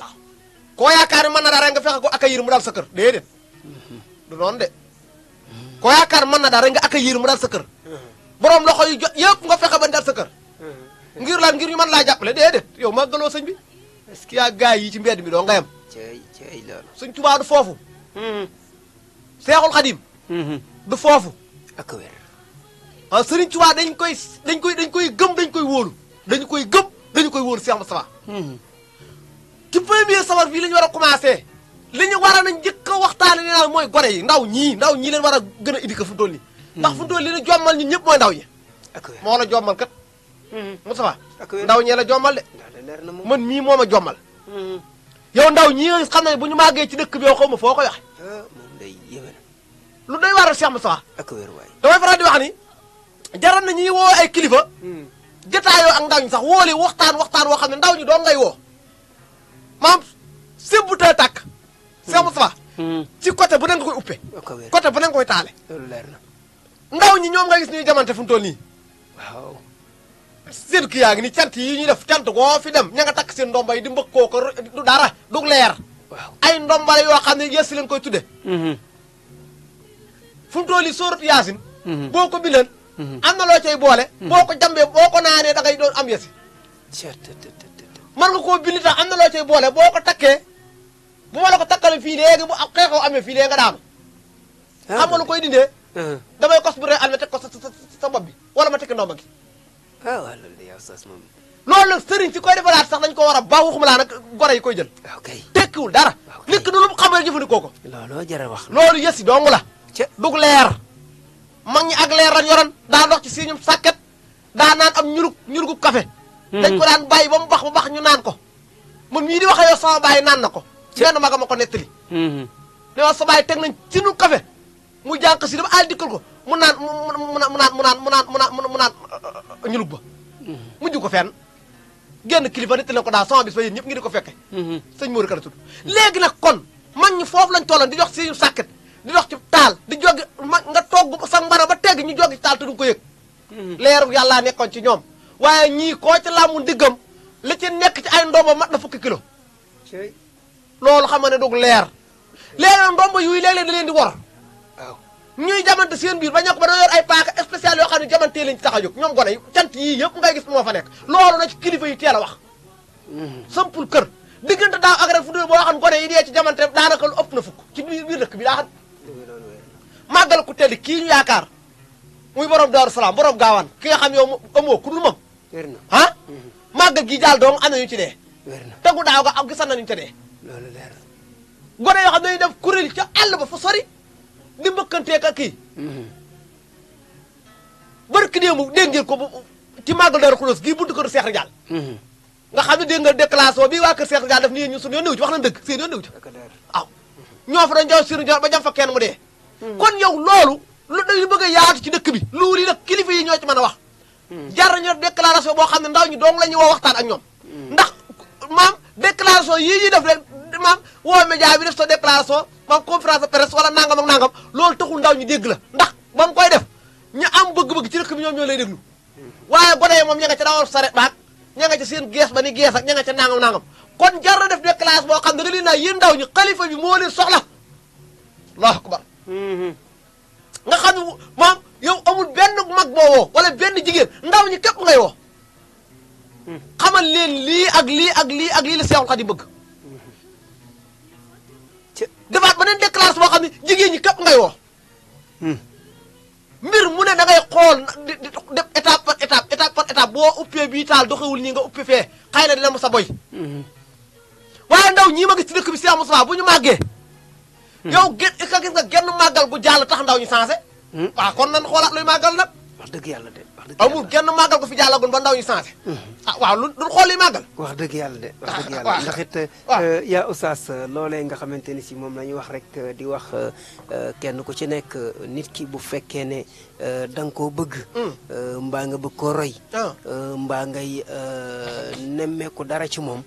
waaw koo yaakaar ne mën na dara nga fexe ko accueillir mu daal sa kër déedéet du noonu de koo yaakaar mën na dara nga accueillir mu daal sa kër borom loxo yu jot yëpp nga fexe ba daal sa kër ngir lan ngir ñu mën laa jàppale déedéet yow màggaloo sëñ bi est-ce que yaa gaay yi ci mbedd mi doo nga yem suñ tubaa du foofu. Hmm. seexul xadim. Hmm. du foofu. ak wér. waaw ah, sëriñ tubaa dañ koy dañ koy dañ koy gëm dañ koy wóolu dañu koy gëm dañu koy wóolu Seex Mustafaa. Hmm. ci premier safar bii la ñu war a commencé. li ñu war a nañ njëkk a waxtaanee mooy gore yi ndaw ñii ndaw ñii leen war a gën a indi ko fu dool yi. ndax fu dool jommal ñun ñëpp mooy ndaw ñi. moo la jommal kat. Mustafaa ndaw ñee la jommal de. man mii moo ma jommal. yow ndaw ñi nga gis xam na bu ñu màggee ci dëkk bi yow xaw ma foo koy waxe ah, lu day waral Cheikh Moustapha ak wér waay damay na ñuy woo ay kilifa hmm. jotaayoo ak ndaw ñi sax woo li waxtaan waxtaan woo xam ne ndaw ñi doon ngay woo maam sëbbu te tàkk si Moustapha hmm. Hmm. ci côté bu ne nga koy uppe côté bu ne nga koy taale leer na ndaw ñi ñoom nga gis ñuy jamante fu mu seen ki yaa ngi ni cant yi ñuy def cant goo fi dem ña nga takk seen ndomba yi di mbëkkoo ko du dara du leer. ay ndomba la yoo xam ne yées leen koy tudde mm-hmm. fu mu toll nii sóorat yaasin. Mm-hmm. boo ko bindal. Mm-hmm. am na loo cay boole. boo ko jambee boo ko naanee dangay doon am yesi. man nga koo bind tax am na loo cay boole boo ko takkee bu ma ko takkale fii léegi bu ab xeexoo amee fii léegi nga daanu. Ah. xam nga lu koy dindee. Ah. damay kos bu am alme teg ko sa sa bopp bi wala ma tekki ndomba waaw ah, waaw loolu de yow sas moom. loolu nag sëriñ si sax dañ ko war a baax waxuma laa nag gore yi koy jël. ok tekkiwul dara. ok nit ki nu mu xam rek jëfandikoo ko. looloo jar a wax. loolu yësi dong la. ca dug leer. mag ñi ak leer lañ yoroon daa dox ci siiñum sàkket daa naan am ñurug ñurugub café. Hmm. dañ ko daan bàyyi ba mu bax ba ñu naan ko. man mii di wax ak bay sama baay naan na ko. ca benn magam a ko hmm. ne ma sa baay teg nañ ci nu mu jàng xasida ba àll dikkal ko mu naan mu mu mu naan mu naan mu naan mu naan mu naan ñulug ba. Mm-hmm. mujj ko fenn genn kili nit la ko daal sama bis ba yéen ñëpp ngi di ko fekke mm-hmm. sëñ Mor Kara tudd léegi nag kon mag ñi foofu lañ tolloon di jox si sàkket di dox ci taal di joggi ma nga togg sa mbara ba tegg ñu joggi ci taal te du ko mm-hmm. yàllaa nekkoon ci ñoom waaye ñii koo ci laamu ndiggam li ci nekk ci ay ndomba mat na fukki kilo. loolu xam nga ne dug leer. leeral ndomba yuy léeg-léeg da leen di war. ñuy jamante seen biir ba ñàkk ba dañoo yor ay paaka spécial yoo xam ne jamantee lañ tax a jóg ñoom gone yi cant yii yëpp ngay gis moo fa nekk loolu na ci kilifa yi teel a kër diggante daaw ak ren fu dee boo xam gone yi dee ci jamante daanaka lu ëpp na fukk ci biir dëkk bi daa xam màggal ku tedd kii ñu yaakaar muy borom Daaru Salaam borom gaawaan ki nga xam yow amoo ku dul moom ah màggal gi daal doom am na ci dee tegu daaw ga a gisan nañu ci dee gone yoo xam ne dañuy def kuréel ca àll ba fa sori di mbëkkanteeg ak kii. barki démb dégg ngeen ko ci màggal Daaru Xuloos gii buntu kër Seex Rijaal. nga xam ne dégg nga déclaration bi waa kër Seex Rijaal daf nii ñu sunu yoon nëw ci wax na dëgg seen yoon nëw ci. waaw ñoo fa doon jaw sunu jox ba jam fa kenn mu dee. a yaatu ci dëkk bi. loolu yi nag yi ñoo ci mën a wax. jar nañu déclaration boo xam ne ndaw ñi doong la ñuy woo waxtaan ak ñoom. ndax maam déclaration yii ñuy def rek maam woo média bi def ba conférence de presse wala nangam ak nangam taxul ndaw ñu dégg la ndax ba koy def ñu am bëgg-bëgg ci rëkk bi ñoom ñoo lay déglu waaye gone yi moom ña nga ca dawal saret baak ña nga seen gees ba ni gees ak ña nga ca nangam nangam kon jar def de classe boo xam ne da leen naa yéen ndaw ñi xalifa bi moo leen soxla allahu akbar mm-hmm. nga xam ne moom yow amul benn mag boo woo wala benn jigéen ndaw ñi képp ngay woo mm. xamal leen lii ak lii ak lii ak lii la Seexul di bëgg defaat beneen déclaration boo xam ne jigéen ñi képp ngay woo. Hmm. mbir mu ne da ngay xool di def étape par étape étape par étape boo uppee bii taal doxewul nii nga uppee fee xëy na dina mos a boy. Hmm. waaye ndaw ñii ma gis ci dëkk bi Cheikh Moussa bu ñu màggee. Hmm. yow gis nga nga genn màggal gu jàll tax ndaw ñu changé. waaw kon nan xoolaat luy màggal nag. wax dëgg yàlla de. amul kenn màggal ko fi jàllagun ba ndaw ñu changé hmm. ah waaw lu lu xool yi wax dëgg yàlla de wax dëgg ah, yàlla ndax it euh, yaa oustaz euh, loolee nga xamante ni si moom la ñu wax rek euh, di wax kenn ku ci nekk nit ki bu fekkee ne da koo bëgg hmm. mbaa nga bëgg koo roy ah. mbaa ngay nemmeeku dara ci moom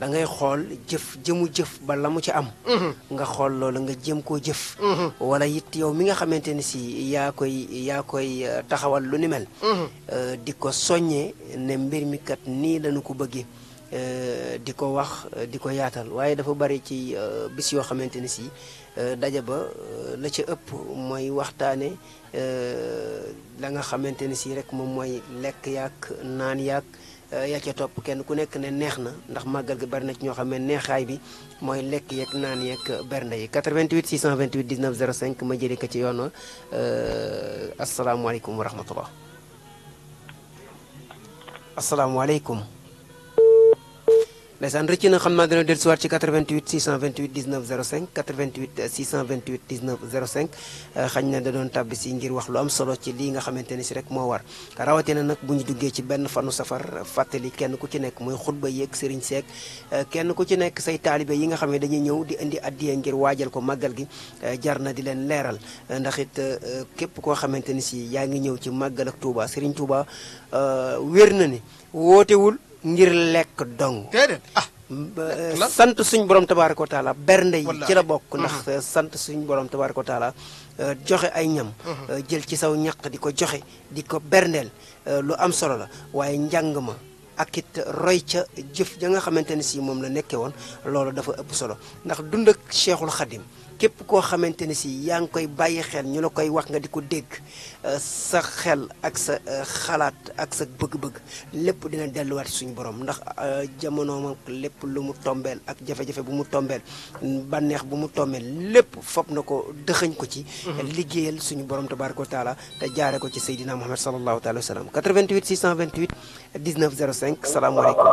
da ngay xool jëf jëmu jëf ba la mu ci am mm-hmm. nga xool loolu nga jëm koo jëf mm-hmm. wala it yow mi nga xamante ni si yaa koy yaa koy euh, taxawal lu ni mel mm-hmm. euh, di ko soññee ne mbir mi kat nii lañu ko bëggee euh, di ko wax di ko yaatal waaye dafa bari ci bis yoo xamante ni si daja ba la ca ëpp mooy waxtaane la nga xamante ni si rek moom mooy lekk yaak naan yaak Euh, yaa ca topp kenn ku nekk ne neex na ndax màggal gi bari na ci ñoo xam ne neexaay bi mooy lekk yeeg naan yeeg bernde yi 88 628 19 05 ma jëlee ko ci yoon wa euh, asalaamaaleykum wa rahmatullah asalaamaaleykum. ndeysaan rëcc na xam naa dina dellu siwaat ci 88 628 19 05 88 628 19 05 xañ na da doon tàbbi si ngir wax lu am solo ci lii nga xamante ni si rek moo war rawatina nag bu ñu duggee ci benn fanu safar fàttali kenn ku ci nekk mooy xutba yeeg sëriñ seek euh, kenn ku ci nekk say taalibe yi nga xam ne dañuy ñëw di indi addiya ngir waajal ko màggal gi euh, jar na di leen leeral ndax it euh, képp koo xamante ni si yaa ngi ñëw ci màggal ak Touba sëriñ Touba wér na ni ngir lekk dong. Ah, eh, sant suñ borom tabaaraka wa taala bernde yi ci la bokk ndax mm-hmm. eh, sant suñ borom tabaaraka wa taala eh, joxe ay ñam mm-hmm. jël ci saw ñaq di ko joxe di ko berndeel lu am solo la waaye njàng ma ak it roy ca jëf ja nga xamante ni si moom la nekkee woon loolu dafa ëpp solo ndax dund ak Cheikhul Khadim képp koo xamante ni si yaa ngi koy bàyyi xel ñu la koy wax nga di ko dégg euh, sa xel ak sa euh, xalaat ak sa bëgg-bëgg lépp dina delluwaat suñu borom ndax euh, jamono moom lépp lu mu tombeel ak jafe-jafe bu mu tombeel bànneex bu mu tombeel lépp fob na ko dëxëñ ko ci mhm. liggéeyal suñu borom tabaraka wa taala te jaare ko ci seydina Muhammad sallallahu taala wa sallam 88 628 19 05 salaamaaleykum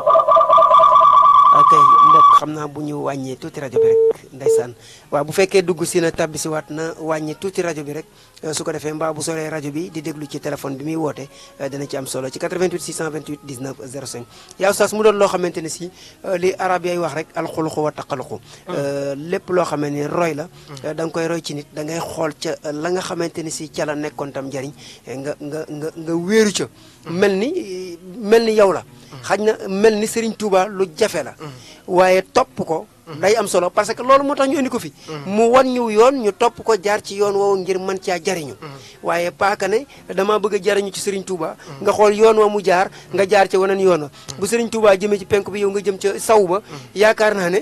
kay mbokk xam naa bu ñu wàññee tuuti rajo bi rek ndeysaan waaw bu fekkee dugg si na tàbbi si na wàññi tuuti rajo bi rek euh, su ko defee mbaa bu solee rajo bi di déglu ci téléphone bi muy woote euh, dana ci am solo ci 88 628 19 05 yaa oustaz mu doon loo xamante ne si euh, li arab yay wax rek alxuluxu wa taqaluxu mm. lépp loo xamante ni roy la mm. da nga koy roy ci nit da ngay xool ca la nga xamante ni si ca la nekkoon tam njariñ nga nga nga nga wéeru ca mm. mel ni mel ni yow la xaj na mel ni Serigne Touba lu jafe la waaye topp ko day am solo parce que loolu moo tax ñu indi ko fi mu wan ñu yoon ñu topp ko jaar ci yoon woowu ngir mën caa jariñu waaye paaka ne damaa bëgg jariñu ci Serigne Touba nga xool yoon wa mu jaar nga jaar ci waneen yoon wa bu Serigne Touba jëmee ci penk bi yow nga jëm ca saw ba yaakaar naa ne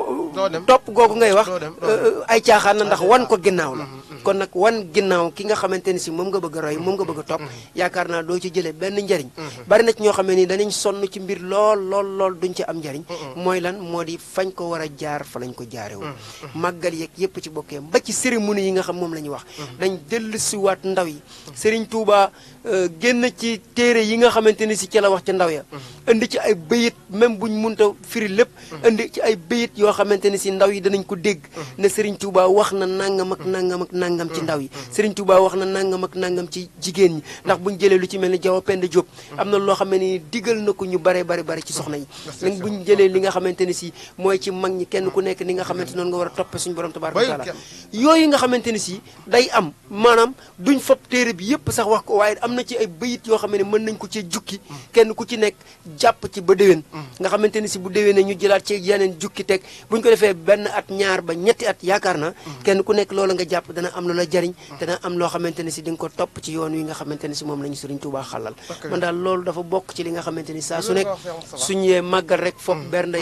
topp googu ngay wax ay caaxaan na ndax wan ko ginnaaw la mm, mm, mm. kon nag wan ginnaaw ki nga xamante ni si moom nga bëgg a roy moom nga bëgg a topp yaakaar naa doo ci jëlee benn njariñ bari na ci ñoo xamee ni danañ sonn ci mbir lool lool lool ci am njariñ mooy lan moo di fañ ko war a jaar fa lañ ko jaarewul mm-hmm. mm-hmm. màggal yeeg yépp ci bokkee ba ci cérémonie yi nga xam moom la ñuy wax dañ mm-hmm. dellusiwaat ndaw yi Sëriñ Tuubaa génn ci téere yi nga xamante ni si ca la wax ca ndaw ya mhm. indi ci ay bayit même buñ munta firi lépp mhm. indi ci ay bayit yoo xamante ni si ndaw yi danañ ko dégg mhm. ne Serigne Touba wax na nangam ak nangam ak nangam ci ndaw yi Serigne Touba wax na nangam ak nangam ci jigéen ñi ndax buñ jëlee lu ci mel ni Jawa Penda Diop am na loo xam ne ni digal na ko ñu bare bare bare ci soxna yi nag buñ jëlee li nga xamante ni si mooy ci mag ñi kenn ku nekk ni nga xamante noonu nga war a toppe suñu borom tabaaraka wa taala yooyu nga xamante ni si day am maanaam duñ fop bi yëpp am na ci ay bayit yoo xam ne mën nañ ko ci jukki kenn ku ci nekk jàpp ci ba déwén nga xamante ni si bu déwénee ñu jëlaat ci yeneen jukki teg bu ñu ko defee benn at ñaar ba ñetti at yaakaar na kenn ku nekk loola nga jàpp dana am loola jariñ dana am loo xamante ne si di nga ko topp ci yoon wi nga xamante ne si moom la ñu Sëriñ Tuubaa xalal man daal loolu dafa bokk ci li nga xamante ni saa su nekk suñu yee màggal rek foog mm. bernde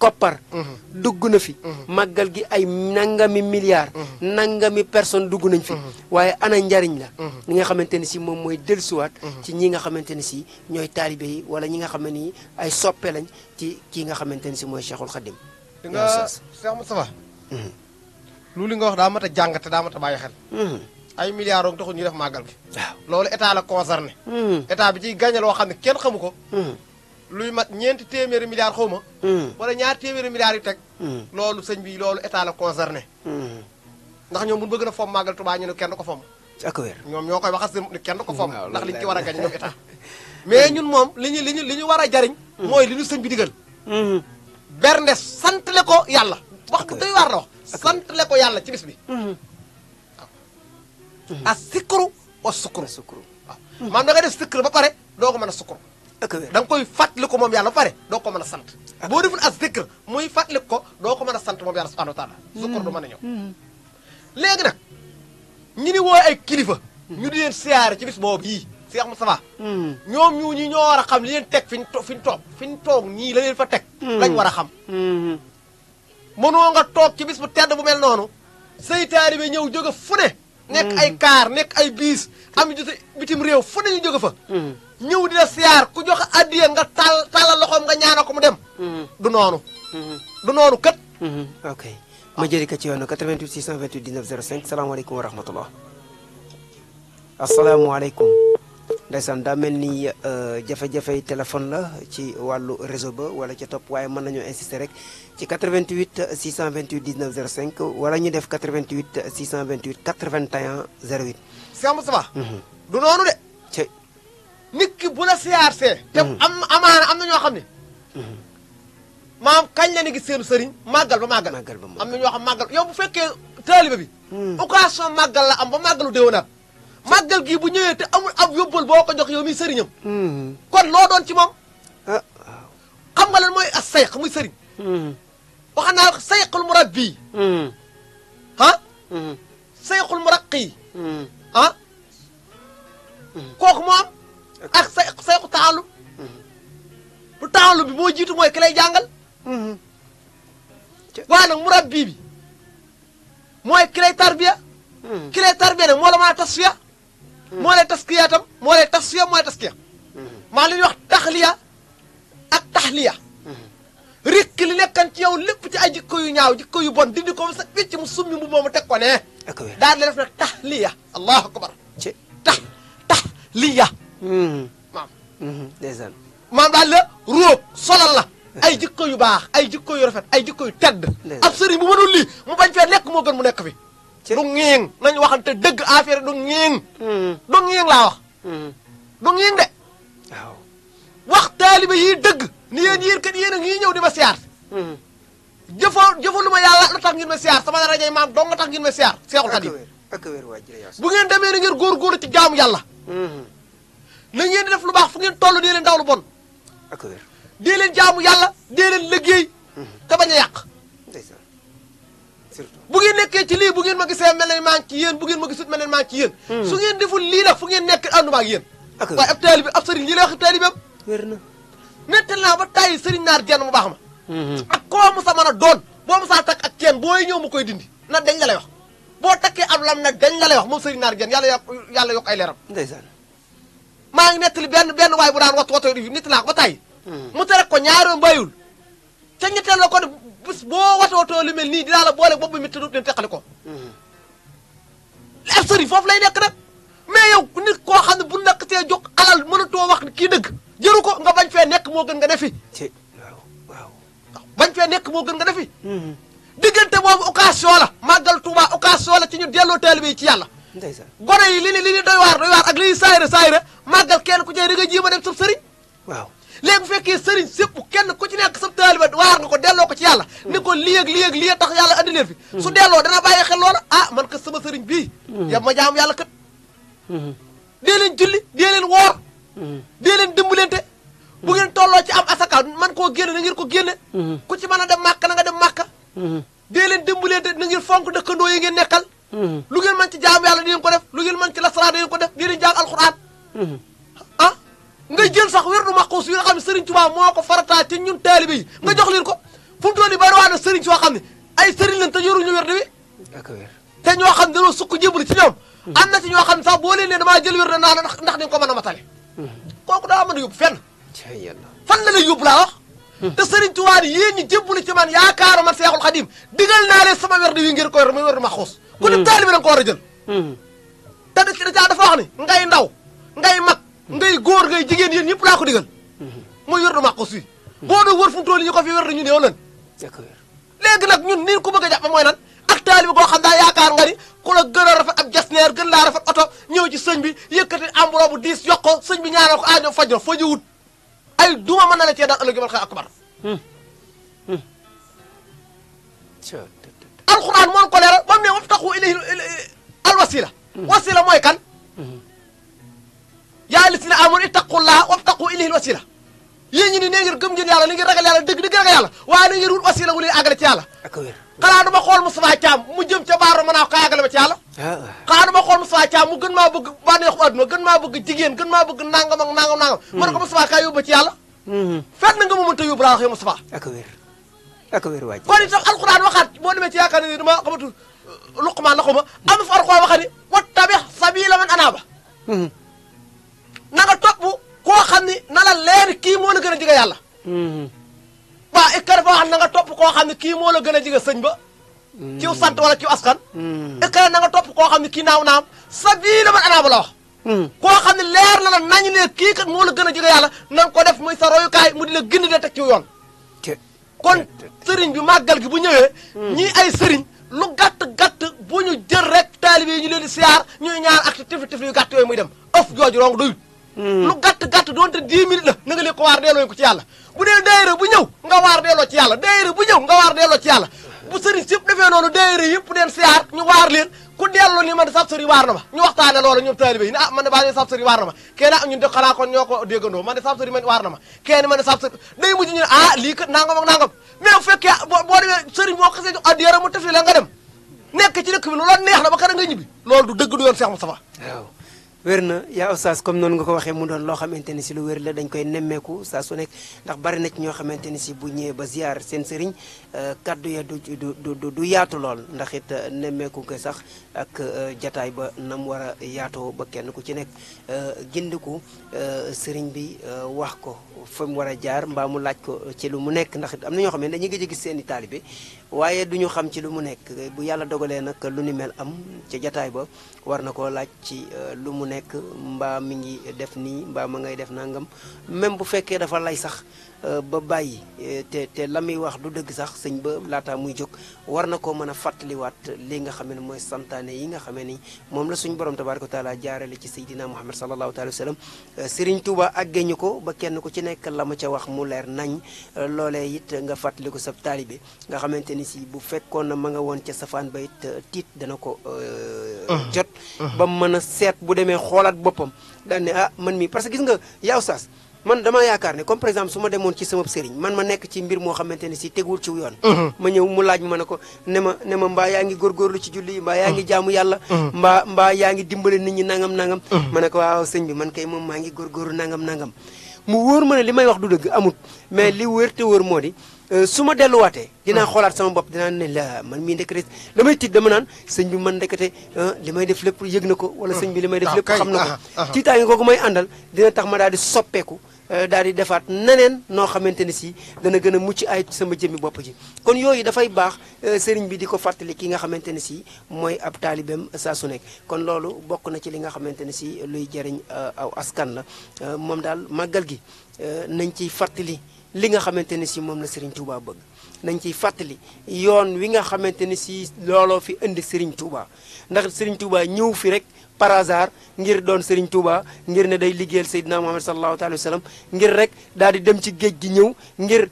koppar mhm. dugg na fi mhm. màggal gi ay nangami milliards mhm. nangami personne dugg nañ fi waaye ana njariñ la li nga xamante ni si moom mooy dellusiwaat ci ñi nga xamante ni si ñooy taalibe yi wala ñi nga xam ne ni ay soppe lañ ci kii nga xamante ni si mooy Cheikhul Khadim di nga Cheikh Moustapha loolu li nga wax daa mat a jàng te daa mat a bàyyi xel ay milliards oog taxul ñu def màggal gi waaw loolu état la concerné état bi ciy gàññe loo ne kenn xamu ko luy mat ñeenti téeméeri milliards xaw ma. Hmm. wala ñaar téeméeri milliards yu teg. Hmm. loolu sëñ bi loolu état la concerné. Hmm. ndax ñoom bu bëgg na fomm màggal Tuubaa ñu ne kenn du ko fomm. ak ñoom ñoo koy waxal seen kenn du ko fomm. ndax liñ ci war a gañ ñoom état. mais ñun moom li ñu li ñu li war a jariñ. mooy li ñu sëñ bi digal. bernde sant le ko yàlla. wax bu doy waar la wax sant ko yàlla ci bis bi. waaw. as sikru wa sukru. waaw maanaam da nga ba pare doo ko mën a sukru. da nga koy fàttali ko moom yàlla ba pare doo ko mën a sant boo deful as dëkkër muy fàttali ko doo ko mën a sant moom yàlla subhanahu wa taala sukkur mm. du mën a mu mm. léegi nag ñu ni wooy ay kilifa ñu di leen siyaare ci bis boobu yii Cheikh Moustapha mm. ñoom ñu ñi ñoo war a xam li leen teg fi ñu fi ñu toog fi toog ñii la fa teg lañ war a xam mm-hmm. mënoo nga toog ci bis bu tedd bu mel noonu say taalibe ñëw jóge fu ne nekk ay kaar nekk ay biis am bitim réew fu ne ñu jóge fa ñëw di la siyaar ku joxe addiya nga taal taalal loxoom nga ñaana ko mu dem. Mm-hmm. du noonu. Mm-hmm. du noonu kat. Mm-hmm. ok ma jëli ko ci yoonu 88 628 19 05 salaamaaleykum wa rahmatullah. asalaamaaleykum. ndeysaan daa mel ni euh, jafe-jafe téléphone la ci wàllu réseau ba wala ca topp waaye mën nañoo insister rek ci 88 628 19 05 wala ñu def 88 628 81 08. Cheikh Moustapha. du noonu de. nit ki bu la siyaarsee te mm-hmm. am amaana am na ñoo xam ne mm-hmm. maam kañ la ni gis seenu sëriñ màggal ba màggal am na ñoo xam màggal yow bu fekkee taaliba bi mm-hmm. occasion màggal la am ba màggalu déwénaat màggal gii bu ñëwee te amul ab boo ko jox yow mi sëriñam kon loo doon ci moom ah, xam nga lan mooy a sayq muy sëriñ wax naa sayqul murabbi ah sayqul muraqi ah kooku moo am ak say sayku taalu bi moo jiitu mooy ki lay jàngal waaye nag murabbi bi mooy ki lay tarbiya hmm. ki lay tarbiya nag moo la mën a tasfiya hmm. moo lay taskiya tam moo lay tasfiya moo lay taskiya hmm. maa li ñuy wax ak taxliya rikk li ci yow lépp ci ay jikko yu ñaaw jikko yu bon dindi ko sa picc mu summi mu moomu teg ko nee daal di def nag taxliya allahu akbar ci maam. ndeysaan maam daal la róob solal la. ay jikko yu baax ay jikko yu rafet ay jikko yu tedd. ab sëriñ bu mënul lii mu bañ fee nekk moo gën mu nekk fi. du ngeen nañu waxante dëgg affaire du ngeen. Hmm. du ngeen laa wax. Hmm. du ngeen de. waaw wax taaliba yii dëgg. ni yéen yéen kat yéen a ngi ñëw di ma siyaar. Hmm. jëfoo jëfoo lu ma yàlla lu tax ngeen ma siyaar sama rajo maam dong nga tax ngeen ma siyaar. seexul xadim bu ngeen demee ni ngeen góorgóorlu ci jaamu yàlla. na ngeen def lu baax fu ngeen toll dee leen daw lu bon. ak yàlla dee leen liggéey. Mm-hmm. te bañ a yàq. surtout bu nekkee ci lii bu ngeen ma gisee mel ne yéen bu ngeen ma gisut mel ne maa ngi ci yéen. Mm. lii nag fu nekk ànduma ak yéen. ak wér waaye ab taalibe ab sëriñ lii lay wax ab taalibeem. wér ba tàyyi sëriñ naar jenn mu baax ma. Mm-hmm. ak koo mu sa mën a doon boo mu saa takk ak kenn booy ñëw mu koy dindi na dañ la lay wax boo takkee ab lam na dañ la lay wax moom sëriñ naar jenn yàlla yàlla yokk ay leeram ndeysaan maa ngi nettali benn benn waay bu daan wattu wattu yi nit laa ko ba hmm. mu tere ko ñaaroon bayul te ñetteel la ko ne bis boo wattu wattu lu mel nii dinaa la boole boobu mi te duut leen ko hmm. ab sëriñ foofu lay nekk nag mais yow nit ko xam ne bu nak see jóg alal mënatoo wax kii dëgg jëru ko nga bañ fee nekk moo gën nga defi waaw bañ fee nekk moo gën nga defi hmm. diggante boobu occasion la màggal Tuuba occasion la ci ñu delloo taalibe yi ci yàlla gone yi li ni li ni doy waar ak li ñuy màggal kenn ku ci ne da nga a dem sab sëriñ waaw léegi bu fekkee sëriñ sépp kenn ku ci nekk sab taaliba waar nga ko delloo ko ci yàlla hmm. ni ko lii ak lii tax yàlla andi leen fi hmm. su delloo dana bàyyi xel loola a ah, man kat sama sëriñ bii hmm. yam ma jaam yàlla kat dee leen julli dee leen woor dee leen dimbalante bu ngeen tolloo ci am asaka man koo génne na ngeen ko génne ku ci mën a dem màkka na nga dem màkka dee leen dimbalante na ngeen fonk dëkkandoo yi ngeen nekkal lu ngeen mën ci jaam yàlla di ngeen ko def lu ngeen mën ci lasara di ngeen ko def dee leen jàng alxuraan ah nga jël sax wirdu maxuus yi nga xam ne Serigne Touba moo ko farataa ci ñun taalibe yi nga jox leen ko fu mu toll bari waa na Serigne soo xam ne ay Serigne lañ te yoruñu wirdu wi te ñoo xam ne dañoo sukk jébbalu ci ñoom am ñoo xam ne sax boo leen ne damaa jël wirdu naa ndax ndax dañ ko mën a matale kooku daa mën a yóbbu fenn la lay yóbbu laa wax te Serigne ni yéen ñi jébbalu ci man yaakaar man Seexul Xadim digal naa leen sama wirdu wi ngeen ko yor muy wirdu maxuus ku ne mm. taalibe da nga ko war a jël mm. te da caa dafa ndaw ngay mag ngay góor ngay jigéen yéen ñëpp laa ko digal mooy werdu màqus wi boo doon wër fu mu ko fi werdu ñu néew lan léegi nag ñun ni ko bëgg a jàpp mooy nan ak taalibe koo xam yaakaar nga ni la gën a rafet ab jasneer gën laa rafet oto ñëw ci sëñ bi yëkkati enveloppe bu diis yokk ko sëñ bi ñaanal ko aajo faj na fajuwut ay duma mën na la cee daal ëllëg ak akbar hmm. Hmm. alxuraan moom ko leeral ba mu ne waftaxu ilayhi alwasila hmm. wasila mooy kan yaa alisina amoon ittaqullaha wabtaqu ilayhi wasila yéen ñi ni nee ngeen gëm ngeen yàlla ni ngeen ragal yàlla dëgg dëgg ragal yàlla waaye na ngeen wut wasila wu leen àggale ci yàlla xanaa duma xool Moustapha Thiam mu jëm ca baaro manaaw ma ci yàlla ah, ah. xanaa duma xool Moustapha Thiam mu gën maa bëgg bànneexu àdduna gën maa bëgg jigéen gën maa bëgg nangam ak nangam nangam hmm. ma ko Moustapha ka yóbbu ci yàlla hmm. fet na nga mu mënta yóbbu laa wax yow Moustapha ak wér ak wér waay kon itam alxuraan waxaat boo demee ci yaakaar ne dama xamatu luqmaan la xuma am fa alxuraan waxaat ni wattabi sabila na nga topp koo xam ni na la leer kii moo la gën a jege yàlla. Mm-hmm. waaw ikkar boo xam na topp koo xam ne kii moo la gën a jege sëñ ba. Mm-hmm. ciw sant wala ciw askan. Mm-hmm. ikkar na topp koo xam ne kii naaw naam sa bii la ba la wax. koo xam ne leer na la nañu ne kii kat moo la gën a jege yàlla na ko def muy sa royukaay mu di la gindi de teg ci yoon. kon sëriñ bi màggal gi bu ñëwee. ñii ay sëriñ lu gàtt gàtt bu ñu jël rek taalibe ñu leen di siyaar ñuy ñaar ak tifli tifli yu gàtt yooyu muy Hmm. lu gàtt-gàtt doonte 10 minutes la na nga ko waar delloo ko ci yàlla bu dee daayira bu ñëw nga waar delloo ci yàlla daayira bu ñëw nga waar delloo ci bu sëriñ si yëpp defee waar leen ku delloo ni man de sab sëriñ waar na ma ñu waxtaane loolu ñoom taalibe yi ne ah man de baa ne sab sëriñ ah, de xanaa kon ñoo ko déggandoo man de sab sëriñ man waar na ma kenn man de sab ne ah neex na ba xara nga ñibbi loolu du dëgg du yoon Seex Mustafa wér na yaa oustaz comme noonu nga ko waxee mu doon loo xamante ni si lu wér la dañ koy nemmeeku saa su nekk ndax bari na ci ñoo xamante ni si bu ñëwee ba ziar seen sëriñ euh, kàddu ya du du du yaatu lool ndax it euh, nemmeeku ko sax ak euh, jataay ba nam war a yaatoo ba kenn ku ci nekk gindiku sëriñ bi wax ko fa mu war a jaar mbaa mu laaj ko ci lu mu nekk ndax am na ñoo xam ne dañuy gëj a gis seen i taalibe waaye du ñu xam ci lu mu nekk bu yàlla dogalee nag lu ni mel am ca jataay ba nekk mbaa mi ngi def nii mbaa ma ngay def nangam même bu fekkee dafa lay sax Euh, ba bàyyi euh, te te la muy wax du dëgg sax sëñ ba laataa muy jóg war na koo mën a fàttaliwaat li nga xam ne mooy santaane yi nga xamee ni moom la suñu borom tabaraka taala jaarale ci seydina muhammad sallallahu taala wa sallam euh, sëriñ tuuba àggee ñu ko ba kenn ku ci nekk la ma ca wax mu leer nañ loolee it nga fàttali ko sab taalibe nga xamante ni si bu fekkoon na ma nga woon ca safaan ba it tiit dana ko uh-huh. jot uh-huh. ba mën a seet bu demee xoolaat boppam daan ne ah man mi parce que gis nga yaaw saas man dama yaakaar ne comme par suma demoon ci sama sëriñ man ma nekk ci mbir moo xamante ne si tegul ci yoon mhm. ma ñëw mu laaj ma ne ko ne ma ne ma mbaa yaa ngi góorgóorlu ci julli mbaa yaa ngi mhm. jaamu yàlla mhm. mbaa mbaa yaa ngi dimbale nit ñi nangam nangam ma ne ko waaw sëñ bi man kay moom maa ngi góorgóorlu nangam nangam mu wóor ma ne li may wax du dëgg amut mais li wóor te wóor moo di Euh, su ma delluwaatee dinaa ah. xoolaat sama bopp dinaa ne la man mii ndekete damay tiit dama naan sëñ bi man ndekete ah, li may def lépp yëg na ko wala sëñ bi li may def ah. lépp xam na ko tiitaange googu may àndal dina tax ma daal di soppeeku euh, daal di defaat neneen noo xamante ne sii dana gën a mucc ay sama jëmmi bopp ji kon yooyu dafay baax euh, sëriñ bi di ko fàttali ki nga xamante ne sii mooy ab taalibeem saa su nekk kon loolu bokk na ci li nga xamante ne sii luy jëriñ aw askan la moom daal màggal gi nañ ciy fàttali li nga xamante ni si moom la Serigne Touba bëgg nañ ciy fàttali yoon wi nga xamante ni si looloo fi indi Serigne Touba ndax Serigne Touba ñëw fi rek par hasard ngir doon Serigne Touba ngir ne day liggéeyal Seydina Muhammad sallallahu alayhi wa ngir rek daal di dem ci géej gi ñëw ngir